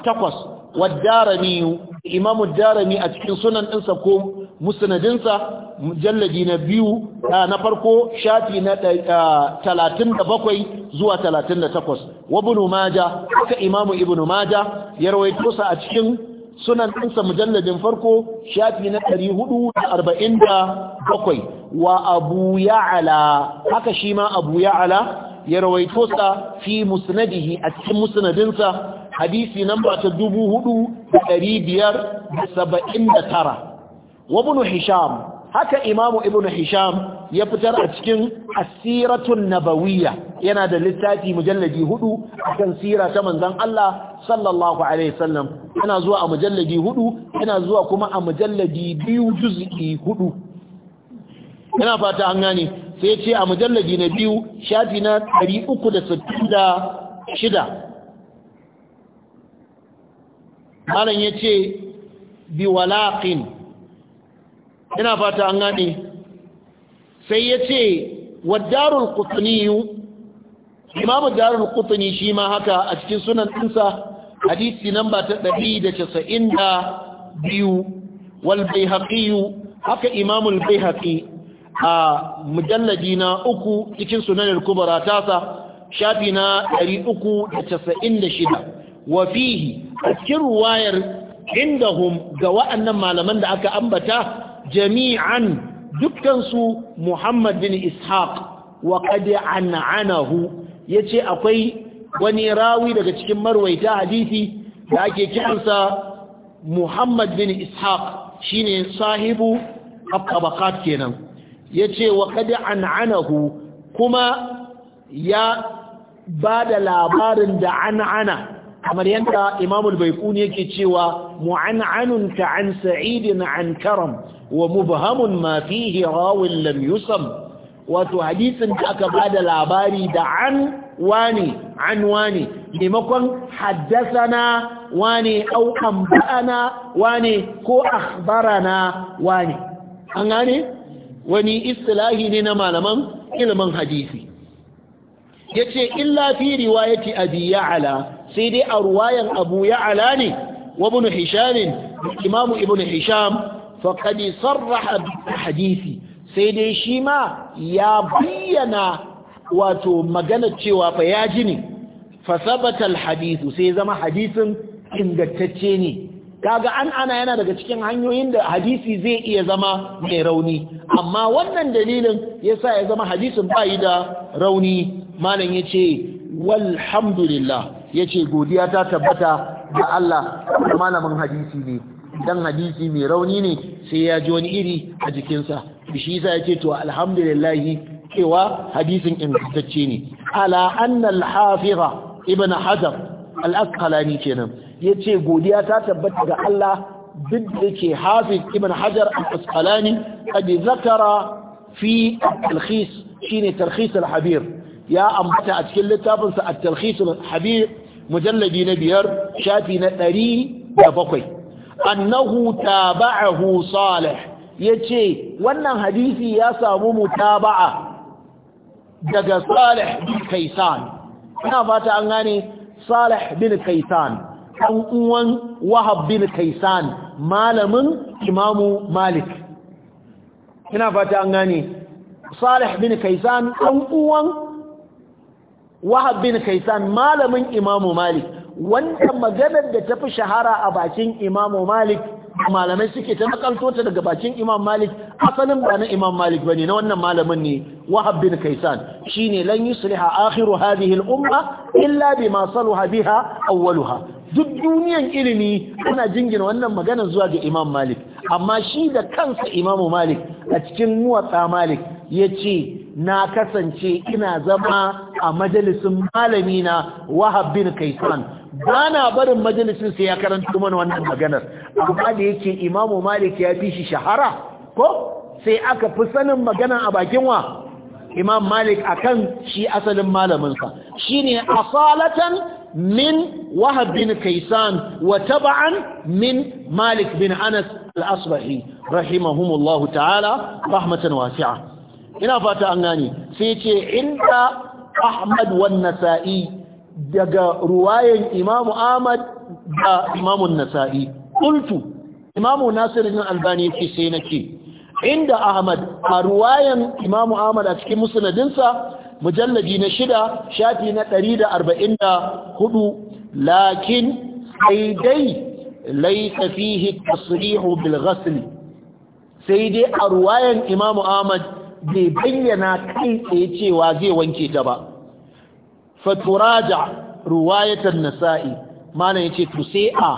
wadarani imam ad-darani a cikin sunan ɗinsa ko musnadin sa mujallabi na biyu na farko shafi na 37 zuwa 38 wa ibn majah haka imam ibn Maja ya rawaito sa a cikin sunan ɗinsa mujalladin farko shafi na 447 wa abu ya'ala haka shi ma abu ya'ala ya rawaito sa fi musnadihi a cikin musnadinsa hadisi namba ta 4579 wa ibn hisham haka imamu ibn hisham ya fitar a cikin asiratun nabawiyya yana da littafi mujalladi hudu akan sira ta manzon Allah sallallahu alaihi wasallam yana zuwa a mujalladi hudu yana zuwa kuma a mujalladi biyu juz'i hudu yana fata an gane sai ce a mujalladi na biyu shafi na 366 malam yace biwalaqin ina fata an gane sai ya ce wadarul kutuniyu imamu darul kutuni shi ma haka a cikin sunan dinsa hadisi namba ta ɗari da casa'in da biyu wal bai haka imamul bai haƙi a mujallaji na uku cikin sunanar kubara tasa shafi na ɗari uku da casa'in da shida wafihi a cikin ruwayar indahum ga wa'annan malaman da aka ambata jami'an dukkansu Muhammad bin Ishaq wa qad an'anahu yace akwai wani rawi daga cikin marwaita hadisi da ake kiransa Muhammad bin Ishaq shine sahibu abqabakat kenan yace wa qad an'anahu kuma ya bada labarin da an'ana kamar yadda imamul baikuni yake cewa mu'an'anun ka an sa'idin an karam wa mubhamun ma fihi rawin lam yusam wato hadisin da aka bada labari da an wani an wani maimakon haddasana wani au amba'ana wani ko akhbarana wani an gane wani istilahi ne na malaman ilimin hadisi yace illa fi riwayati abi ya'la sai dai a ruwayan abu ya ne wa ibn hisham imamu ibn hisham faqad sarraha hadisi sai dai shi ma ya bayyana wato magana cewa fa ya ji ne fa sabata sai zama hadisin ingantacce ne kaga an ana yana daga cikin hanyoyin da hadisi zai iya zama mai rauni amma wannan dalilin yasa ya zama hadisin bayi da rauni malam yace walhamdulillah yace godiya ta tabbata ga Allah malamin hadisi ne dan hadisi mai rauni ne sai ya ji wani iri a jikinsa shi yasa yace to alhamdulillah cewa hadisin ingantacce ne ala anna al-hafiza ibn hajar al-asqalani kenan yace godiya ta tabbata ga Allah duk da ke hafiz ibn hajar al-asqalani kad zakara fi al-khis shine tarkhis al-habir ya ambata a cikin littafinsa a tarhisul habib mujallabi na biyar shafi na ɗari da bakwai annahu taba'ahu salih ya ce wannan hadisi ya samu mutaba'a daga salih bin kaisan ina fata an gane salih bin kaisan ɗan uwan wahab bin kaisan malamin imamu malik ina fata an gane salih bin kaisan ɗan uwan wahab bin kaisan malamin imamu malik wanda maganar da ta fi shahara a bakin imamu malik malamai suke ta nakalto ta daga bakin imam malik asalin ba na imam malik bane na wannan malamin ne wahab bin kaisan shine lan yusliha akhiru hadhihi al umma illa bima salaha biha awwaluha duk duniyan ilimi ana jingina wannan magana zuwa ga imam malik amma shi da kansa imamu malik a cikin muwatta malik yace na kasance ina zama a majalisin malami na Wahab bin Kaisan bana barin majalisin sai ya karanta mana wannan maganar amma da yake Imam Malik ya fi shi shahara ko sai aka fi sanin magana a bakin wa Imam Malik akan shi asalin malamin sa shine asalatan min Wahab bin Kaisan wa tab'an min Malik bin Anas al-Asbahi rahimahumullahu ta'ala rahmatan wasi'a ina fata an gane sai ce inda Ahmad wa Nasa'i daga ruwayan Imam Ahmad da Imam Nasa'i qultu Imam Nasir ibn Albani yake sai nake inda Ahmad a ruwayan Imam Ahmad a cikin musnadinsa mujallaji na shida shafi na 144 lakin sai dai laysa fihi tasrih bil ghasl sai dai a ruwayan Imam Ahmad bai bayyana kai tsaye cewa zai wanke ta ba faturaja ruwayatar nasa'i mana ya ce to sai a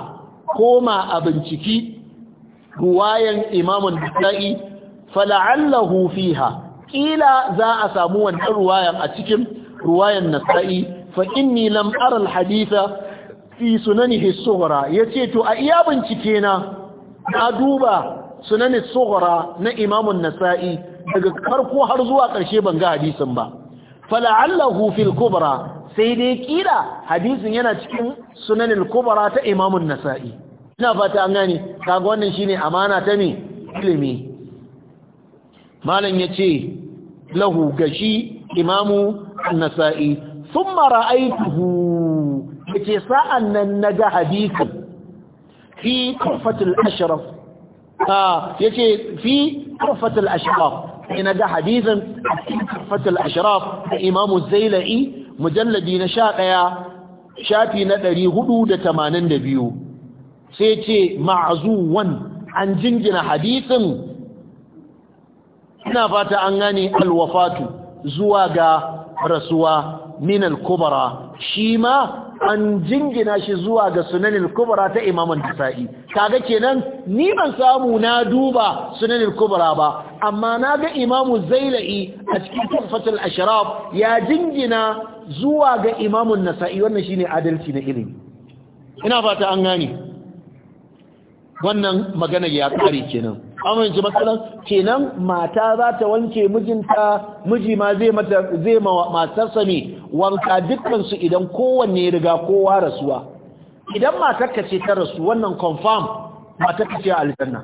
koma a binciki ruwayan imamun nasa'i fala'allahu fiha ƙila za a samu wannan ruwayan a cikin ruwayan nasa'i fa inni lam aral haditha fi sunanihi sughra yace to a iya bincike na na duba sunanin sughra na imamun nasa'i daga farko har zuwa ƙarshe ban ga hadisin ba fala'allahu fil kubra sai dai kila hadisin yana cikin sunanin al ta imamun nasai ina fata an gane kaga wannan shine amana ta me ilimi malam yace lahu gashi Imam an-Nasa'i thumma ra'aytuhu yace sa'an nan naga hadisin fi tuhfatul ashraf ah yace fi tuhfatul ashraf ina ga hadisin tuhfatul ashraf da Imam az-Zailai mujalladi na sha ɗaya shafi na ɗari hudu da tamanin da biyu sai ce ma'azuwan an jingina hadisin ina fata an gane alwafatu zuwa ga rasuwa minal kubara shi ma an jingina shi zuwa ga sunanin kubra ta imamun nasa'i kaga kenan ni ban samu na duba sunanin kubra ba amma na ga imamu zaila'i a cikin tafatul ashraf ya jingina zuwa ga imamun nasa'i wannan shine adalci na ilimi ina fata an gane wannan maganar ya kare kenan amince matsalan kenan mata za ta wanke mijinta miji ma zai mata zai matarsa ne wanka dukkan su idan kowanne riga kowa rasuwa idan matarka ce ta rasu wannan confirm matarka ce a aljanna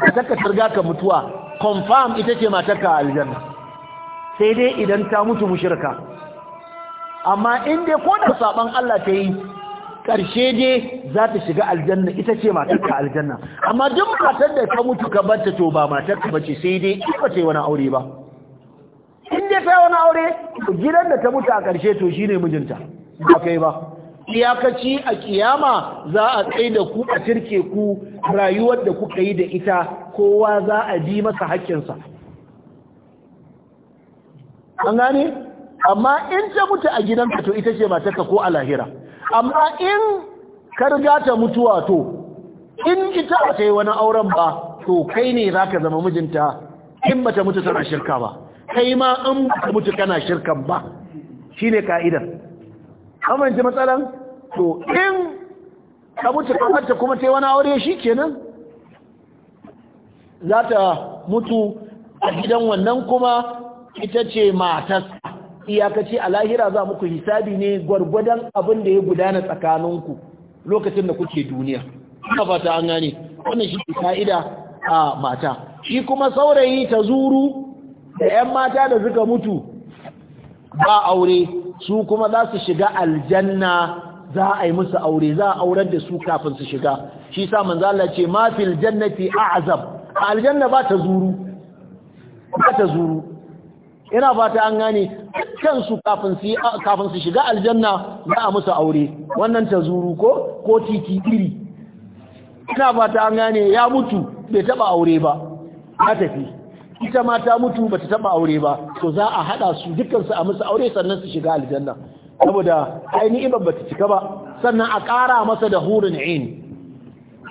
matarka ka targa ka mutuwa confirm ita ce matarka a aljanna sai dai idan ta mutu mushirka. amma in dai ko da saban Allah ta yi ƙarshe dai za ta shiga aljanna ita ce matarka aljanna amma duk matar da ka mutu ka banta to ba matarka ba ce sai dai in ba ta yi wani aure ba in dai ta yi wani aure gidan da ta mutu a ƙarshe to shine mijinta ba kai ba iyakaci a kiyama za a tsaye da ku a cirke ku rayuwar da kuka yi da ita kowa za a bi masa haƙƙinsa an gane amma in ta mutu a gidanka to ita ce matarka ko a lahira amma in ka ta mutuwa to in ita a ta yi wani auren ba to kai ne za ka zama mijinta in ba ta mutu tana shirka ba kai ma in ba mutu kana shirkan ba shi ne ka'idar amince matsalan to in ka mutu kamarta kuma ta yi wani aure shi kenan za ta mutu a gidan wannan kuma ita ce matas iyakaci a lahira za muku hisabi ne gwargwadon abin da ya gudana tsakaninku lokacin da kuke duniya ina fata an gane wannan shi ka'ida a mata shi kuma saurayi ta zuru da 'yan mata da suka mutu ba aure su kuma za su shiga aljanna za a yi musu aure za a aurar da su kafin su shiga shi sa manzala ce ma fil jannati a'zab aljanna ba ta zuru ba ta zuru ina fata an gane kansu kafin su kafin su shiga aljanna za a musu aure wannan ta zuru ko ko titi iri ina fata an gane ya mutu bai taba aure ba ya tafi ita ma ta mutu bata taba aure ba to za a hada su dukkan su a musu aure sannan su shiga aljanna saboda ainihin ba ta cika ba sannan a kara masa da hurin in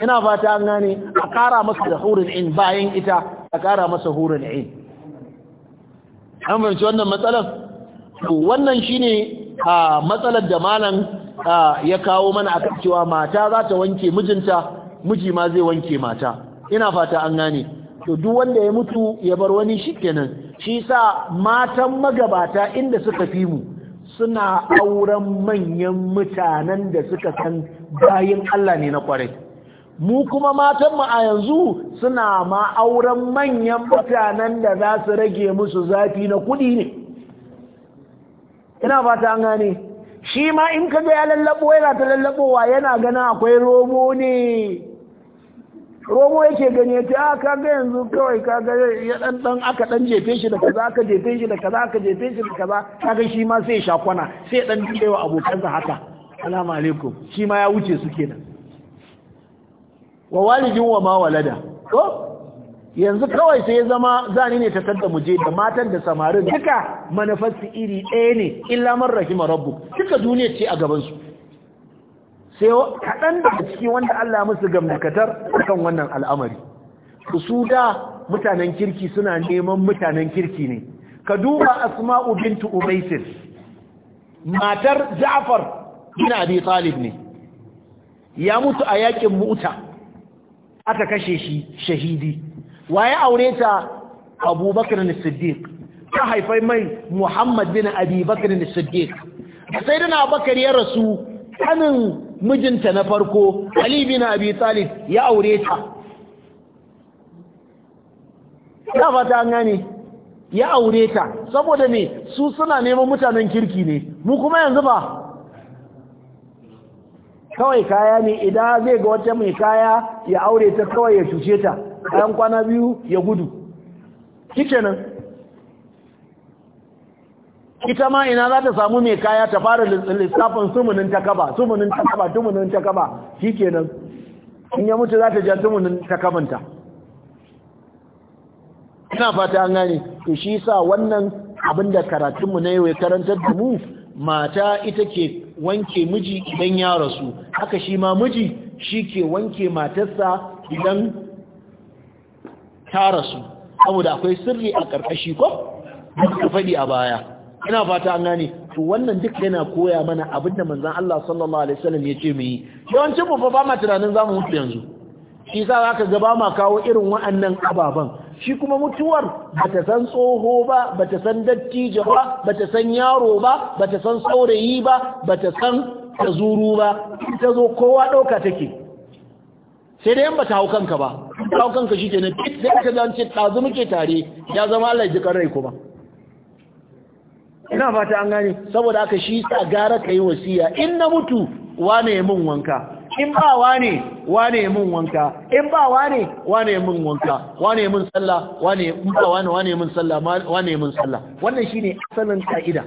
ina fata an gane a kara masa da hurin in bayan ita a kara masa hurin in an fahimci wannan matsalar wannan shine a matsalar da malam ya kawo mana akan cewa mata za ta wanke mijinta miji ma zai wanke mata ina fata an gane to duk wanda ya mutu ya bar wani shikenan shi sa matan magabata inda suka fi mu suna auren manyan mutanen da suka san bayan Allah ne na kwarai mu kuma matanmu a yanzu suna ma auren manyan mutanen da za su rage musu zafi na kudi ne ina fata an gane shi ma in ka ga ya lallabo yana ta lallabowa yana gana akwai romo ne romo yake gane ta ah, ka ga yanzu kawai ka ga ya dan dan aka dan jefe shi da kaza aka jefe shi da kaza aka jefe shi da kaza ga shi ma sai shakwana sai dan dinga wa abokansa haka assalamu alaikum shi ma ya wuce su kenan wa walidin wa ma walada to yanzu kawai sai zama zani ne ta sanda muje da matan da samarin duka manufarsu iri ɗaya ne illa man rahima rabbu duka duniya ce a gaban su sai kaɗan daga ciki wanda Allah musu gamdakatar kan wannan al'amari su da mutanen kirki suna neman mutanen kirki ne ka duba asma'u bintu ubaisir matar ja'far bin abi talib ne ya mutu a yakin mu'ta aka kashe shi shahidi waye aure ta abubakar na siddiq ta haifai mai muhammad bin abubakar na siddiq sai dana bakar ya rasu kanin mijinta na farko ali bin abi talib ya aure ta ya fata gane ya aure ta saboda ne su suna neman mutanen kirki ne mu kuma yanzu ba kawai kaya ne idan zai ga wata mai kaya ya aure ta kawai ya cuce ta ɗan kwana biyu ya gudu shikenan ita ma ina za ta samu mai kaya ta fara lissafin sumunin ta kaba sumunin ta kaba tumunin ta kaba shikenan in ya mutu za ta jan tumunin ta kabanta ina fata an gane ku shi sa wannan abinda karatunmu na yau ya karantar da mu mata ita ke wanke miji idan ya rasu haka shi ma miji shi ke wanke matarsa idan ta rasu saboda akwai sirri a ƙarƙashi ko ka faɗi a baya ina fata an gane to wannan duk yana koya mana abin da manzon Allah sallallahu alaihi wasallam ya ce mu yawancin mu fa ba ma tunanin zamu mutu yanzu shi sa zaka ga ba ma kawo irin waɗannan ababan shi kuma mutuwar ba ta san tsoho ba ba ta san dattijo ba ta san yaro ba ba ta san saurayi ba ba ta san tazuru ba ta zo kowa ɗauka take sai dai yan ba ta hau kanka ba ta hau kanka shi ke nan da aka zance ɗazu muke tare ya zama Allah ji rai kuma ina fata an gane saboda aka shi sa gara ka yi wasiya in na mutu wane ya min wanka in ba wane wane mun wanka in ba wane wane mun wanka wane mun sallah wane in ba wane wane mun sallah wane mun sallah wannan shine asalin kaida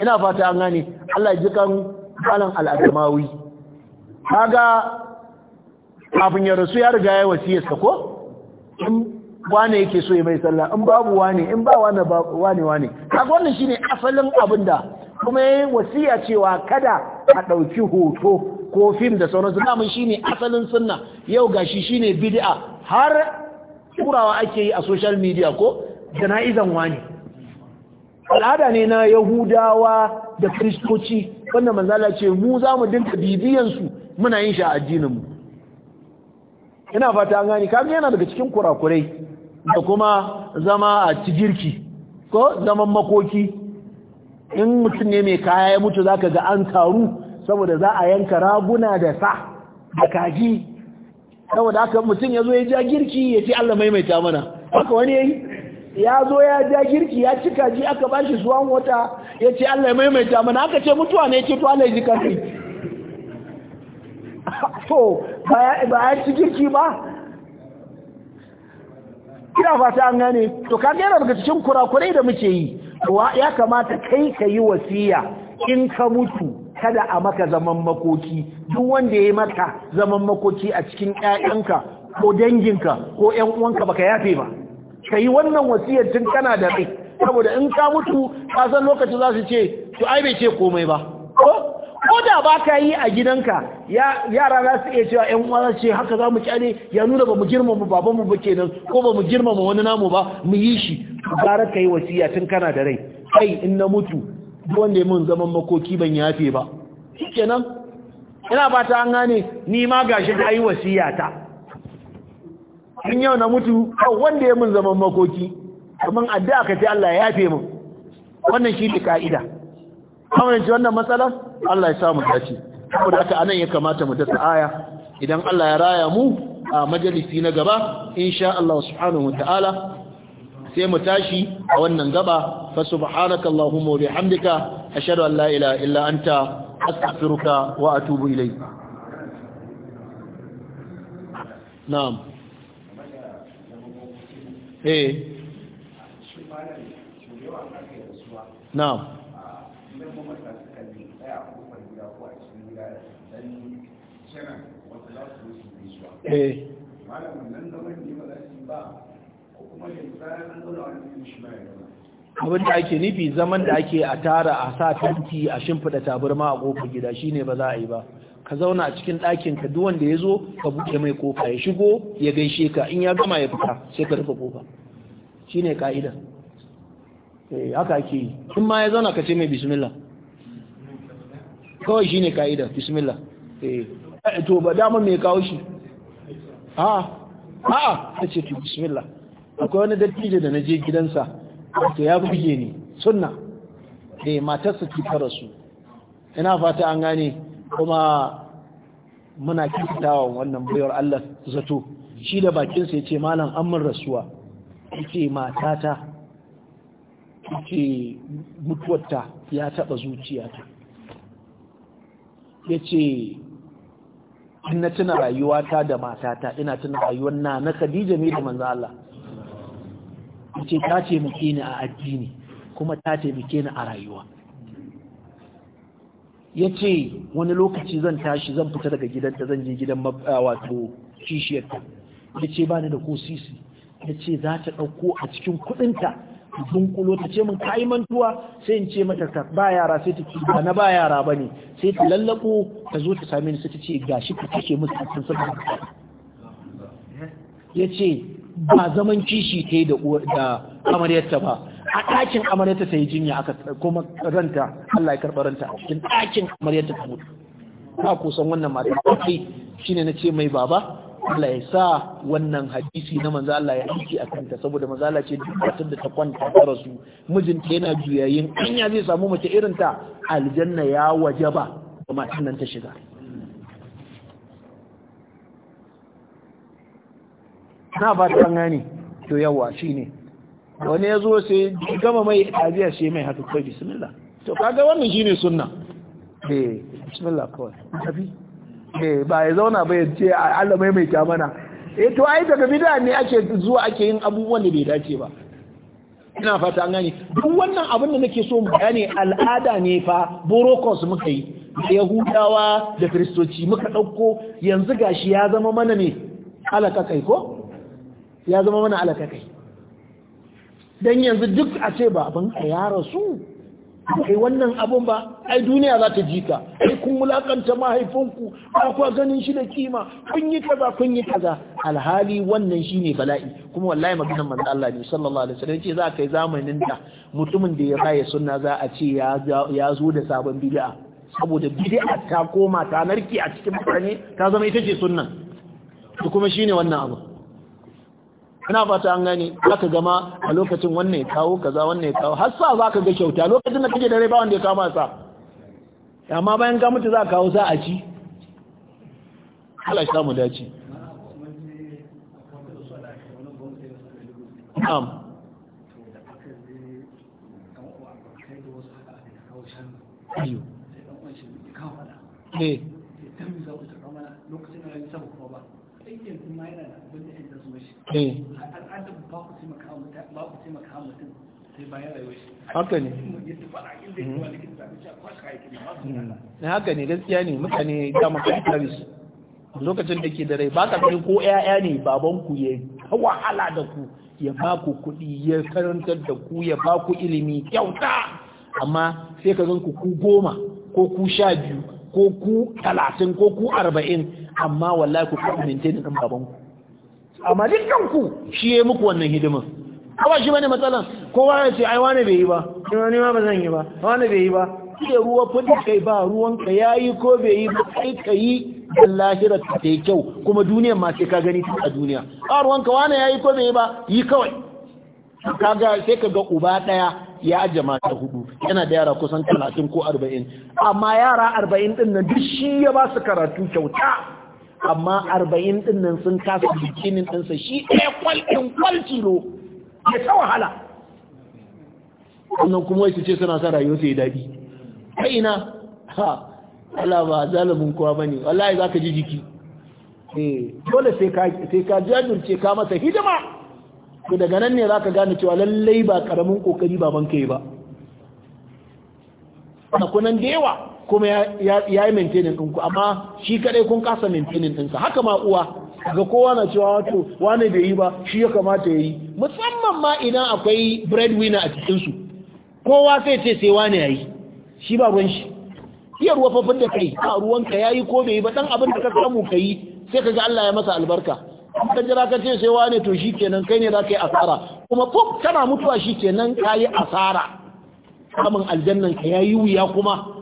ina fata an gane Allah ji kan malam al-adamawi kaga kafin ya rasu ya riga ya sa ko in wane yake so ya mai sallah in babu wane in ba wane wane wane kaga wannan shine asalin abinda kuma ya yi wasiya cewa kada a ɗauki hoto ko fim da sauransu damun shi ne asalin sunna yau ga shi ne bidi'a har turawa ake yi a social media ko jana'izan wani al'ada ne na yahudawa da kristoci wanda manzala ce mu za mu dinka bibiyansu muna yin shi a addininmu ina fata an gani kamar yana daga cikin kurakurai da kuma zama a cigirki ko zaman makoki in mutum ne mai kaya ya mutu za ka ga an taru saboda za a yanka raguna da sa da kaji saboda haka mutum ya zo ya ja girki ya ce Allah maimaita mana haka wani ya yi ya zo ya ja girki ya ci kaji aka ba shi suwan wata ya ce Allah maimaita mana aka ce mutuwa ne ce tuwa Allah ji karfi *laughs* to ba ya ci girki ba Kina fata an gane to ka gaira daga cikin kurakurai da muke yi ya kamata kai ka yi wasiya in ka mutu kada a maka zaman makoki duk wanda ya yi maka zaman makoki a cikin ƴaƴanka ko danginka ko ƴan uwanka baka yafe ba ka wannan wasiyar tun kana da rai saboda in ka mutu ka san lokacin za su ce to ai bai ce komai ba ko ko da ba ka yi a gidanka yara za su iya cewa yan uwa ce haka za mu kyale ya nuna ba mu girmama baban mu ba kenan ko ba mu girmama wani namu ba mu yi shi gara ka yi wasiya tun kana da rai kai in na mutu wanda mun zaman makoki ban yafe ba kenan ina ba ta an gane ni ma gashi ka yi wasiya in yau na mutu wanda ya mun zaman makoki kamar addu'a ka ce Allah ya yafe mu wannan shi ka'ida kawai ji wannan matsala Allah ya samu dace saboda haka anan ya kamata mu dasa aya idan Allah ya raya mu a majalisi na gaba insha Allah subhanahu ta'ala sai mu tashi a wannan gaba fa subhanaka allahumma wa bihamdika ashhadu an la ilaha illa anta astaghfiruka wa atubu ilayk na'am eh na'am Eh. abin da ake nufi zaman da ake a tara a sa tanti a shimfiɗa tabarma a ƙofar gida shine ba za a yi ba ka zauna a cikin ɗakin ka duwan da ya zo ka buke mai kofa ya shigo ya gaishe ka in ya gama ya fita sai ka rufe kofa shine ka'ida eh haka ake yi tun ma ya zauna ka ce mai bismillah kawai shine ka'ida bismillah eh. eh to ba dama me kawo shi a a yace ce tu bismillah akwai wani dattijo da na je gidansa To ya buge ni sunna da eh, matarsa ki fara su ina fata an gane kuma muna kitawa wannan bayar Allah zato shi da bakinsa ya ce malam an rasuwa yace matata yace mutuwarta ya taɓa zuciyata ya ce in na tuna rayuwata da matata ina tuna rayuwar na na Khadija ne da manzo Allah ce ta ce muke ni a addini kuma ta ce muke ni a rayuwa yace wani lokaci zan tashi zan fita daga gidanta zan je gidan wato kishiyarta yace ba ni da ko sisi yace za ta dauko a cikin ta ta dunkulo ta ce min yi mantuwa sai in ce mata ta ba yara sai ta ce ba na ba yara ne. sai ta lallako ta zo ta same ni sai ta ce shi ka kake musu a cikin sabon ya ce ba zaman kishi ta yi da amaryarta ba a ɗakin amaryarta ta yi jinya aka kuma ranta Allah ya karɓar ranta a cikin ɗakin amaryarta ta mutu ta kusan wannan ta kai shine na ce mai baba Allah ya sa wannan hadisi na manzo Allah ya aiki a kanta saboda manzo Allah ce duk batun da ta kwanta ta rasu mijinta yana juyayin in ya zai samu mace irin ta aljanna ya wajaba ba matan nan ta shiga na ba ta gane to yawa shine wani ya zo sai gama mai ajiya sai mai haka kai bismillah to kaga wannan shine sunna eh bismillah kawai tafi eh ba ya zauna ba ya ce Allah mai mai ta mana eh to ai daga bid'a ne ake zuwa ake yin abubuwan da bai dace ba ina fata an gane duk wannan abin da nake so mu gane al'ada ne fa borokos muka yi da yahudawa da kristoci muka ɗauko yanzu gashi ya zama mana ne alaka kai ko ya zama mana alaka kai dan yanzu duk a ce baban a ya rasu kai wannan abun ba ai duniya za ta jika ai kun mulakanta mahaifinku ba kwa ganin shi da kima kun yi kaza kun yi kaza alhali wannan shine bala'i kuma wallahi maganar manzo Allah ne sallallahu alaihi wasallam ce za kai zamanin da mutumin da ya raye sunna za a ce ya zo da sabon bid'a saboda bid'a ta koma ta narki a cikin mutane ta zama ita ce sunna to kuma shine wannan abu ina fata an gane zaka gama a lokacin wanne ya kawo kaza wanne ya kawo har sa zaka ga kyauta lokacin da kake da rai ba wanda ya kawo masa amma bayan ka mutu za ka kawo za a ci Allah ya mu dace na'am ayo eh lokacin da ya samu kuma ba aikin kuma yana da abin da ya zama shi adam haka ne na mm. haka ne gaskiya ne mutane dama kan su lokacin da ke da rai ba ka fi ko ƴaƴa ne babanku ya wahala da ku ya ba ku kuɗi ya karantar da ku ya ba ku ilimi kyauta amma sai ka ganku ku goma ko ku sha biyu ko ku talatin ko ku arba'in amma wallahi ku kaɗa mintin ɗin babanku amma dukkanku shi ya muku wannan hidiman ba shi bane matsalan kowa ya ce ai wani bai yi ba ni ma ba zan yi ba wani bai yi ba ke ruwa fudi kai ba ruwan ka yayi ko bai yi ba kai kai dan lahira ta yi kyau kuma duniyar ma sai ka gani ta a duniya ba ruwan ka wani yayi ko bai yi ba yi kawai kaga sai ka ga uba daya ya aje mata hudu yana da yara kusan 30 ko 40 amma yara 40 din nan duk shi ya ba su karatu kyauta amma arba'in ɗin nan sun kasa bikinin ɗinsa shi ɗaya kwalɗin kwalcilo ya ta wahala wannan kuma su ce suna sa rayuwa sai daɗi kai ina ha Allah ba zalibin kowa ba ne wallahi za ka ji jiki eh, dole sai ka jajirce ka masa hidima to daga nan ne za ka gane cewa lallai ba ƙaramin ƙoƙari ba ka yi ba kunan da yawa kuma ya yi maintaining ɗinku amma shi kaɗai kun kasa maintaining ɗinsa haka ma uwa ga kowa na cewa wato wane bai yi ba shi ya kamata ya yi musamman ma idan akwai breadwinner a cikinsu kowa sai ce sai wane ya yi shi ba ruwan shi iya ruwa fafin da kai a ruwanka ya yi ko bai yi ba ɗan abin da ka samu ka yi sai ka ga Allah ya masa albarka ka jira ka ce sai wane to shi kenan kai ne za ka yi asara kuma ko tana mutuwa shi kenan ka yi asara samun aljannan ka ya yi wuya kuma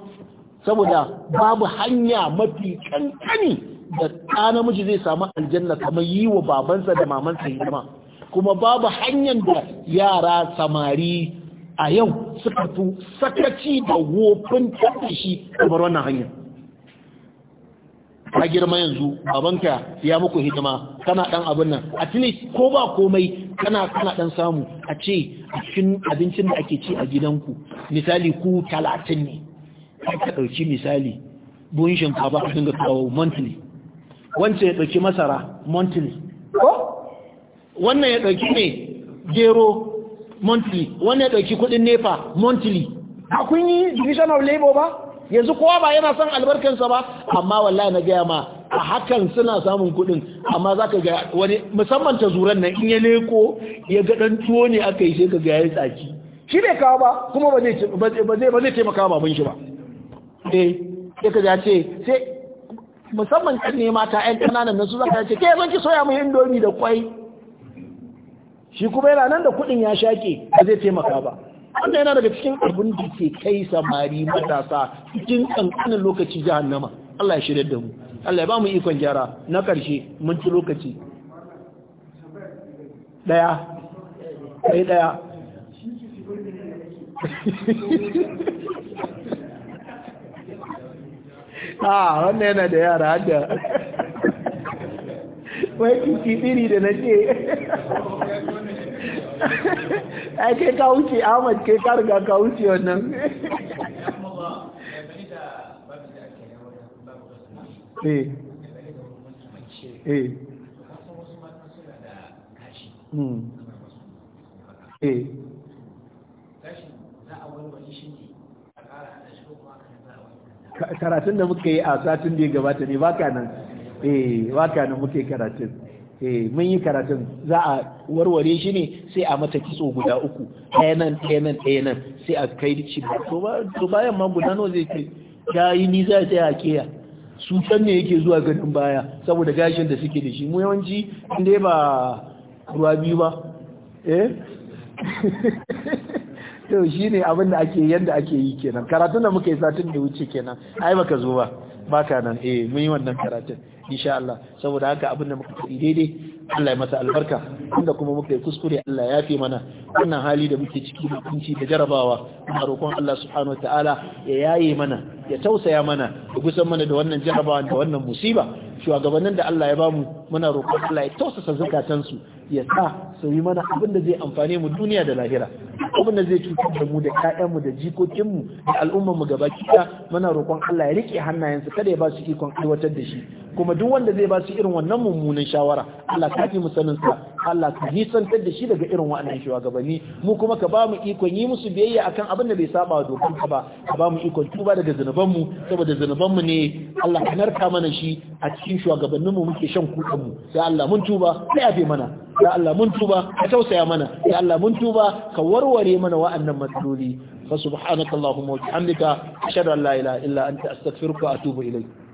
saboda babu hanya mafi kankani da ɗa namiji zai samu aljanna kamar yi wa babansa da mamansa hidima kuma babu hanyar da yara samari a yau suka fi sakaci da wofin tafi shi kamar wannan hanya. a girma yanzu babanka ya muku hidima kana dan abin nan A tuni ko ba komai kana kana dan samu a ce a cikin abincin da ake ci a gidanku misali ku talatin ne ka ɗauki misali buhun shinkafa a dinga kawo montili, wancan ya ɗauki masara montili, ko wannan ya ɗauki ne gero montili, wannan ya ɗauki kuɗin nefa montili, a kun yi division of labor ba yanzu kowa ba yana son albarkansa ba amma wallahi na gaya ma a hakan suna samun kuɗin amma za ka gaya, wani musamman ta zuran nan in ya leko ya ga ɗan tuwo ne aka yi sai ka gaya ya tsaki shi bai kawo ba kuma ba zai taimaka baban shi ba eh sai ka ce sai musamman kan ne mata yan kananan nan su zaka ce ke zan ki soya mun indomi da kwai shi kuma yana nan da kuɗin ya shaƙe ba zai taimaka ba wanda yana daga cikin abin da ke kai samari matasa cikin kankanin lokaci jahannama Allah ya shirya da mu Allah ya ba mu ikon gyara na ƙarshe mun ci lokaci ɗaya ɗaya ɗaya *laughs* a ah, wannan yana da yara hada wai kici iri da na ce a ke ka wuce ahmad ke ka riga ka wuce wannan eh eh hmm. eh karatun da muka yi a satin da ya gabata ne baka nan eh baka nan muke karatun eh, mun yi karatun za a warware shi ne sai a mata kitso guda uku ɗaya nan ɗaya sai a kai da shi to bayan ma guda nawa zai ce ya yi nisa sai a keya su can ne yake zuwa ganin baya saboda gashin da suke da shi mu yawanci inda ba ruwa biyu ba eh *laughs* to shi abin da ake yadda ake yi kenan karatun da muka yi satin da wuce kenan ai baka zo ba baka nan eh mun yi wannan karatun insha Allah saboda haka abin da muka yi daidai Allah ya masa albarka inda kuma muka yi kuskure Allah ya yafe mana wannan hali da muke ciki da kunci da jarabawa muna roƙon Allah subhanahu wataala ya yaye mana ya tausaya mana ya gusan mana da wannan jaraba da wannan musiba shugabannin da Allah ya bamu muna roƙon Allah ya tausasa zakatan su ya sa su yi mana abin da zai amfane mu duniya da lahira abin da zai cutar da mu da ƴaƴan mu da jikokin mu da al'ummar mu gabaki ɗaya muna roƙon Allah ya rike hannayen su kada ya ba su ikon aiwatar da shi kuma duk wanda zai ba su irin wannan mummunan shawara Allah ka fi mu sanin sa Allah ka nisantar da shi daga irin waɗannan shugabanni mu kuma ka ba mu ikon yi musu biyayya akan abin da bai saba wa dokan ka ba ka ba mu ikon tuba daga zunubi zunubanmu saboda mu ne Allah ka narka mana shi a cikin mu muke shan mu ya Allah mun tuba ka mana ya Allah mun tuba ka tausaya mana ya Allah mun tuba ka warware mana wa'annan matsaloli fa subhanakallahumma wa bihamdika ashhadu an la ilaha illa anta astaghfiruka wa atubu ilayk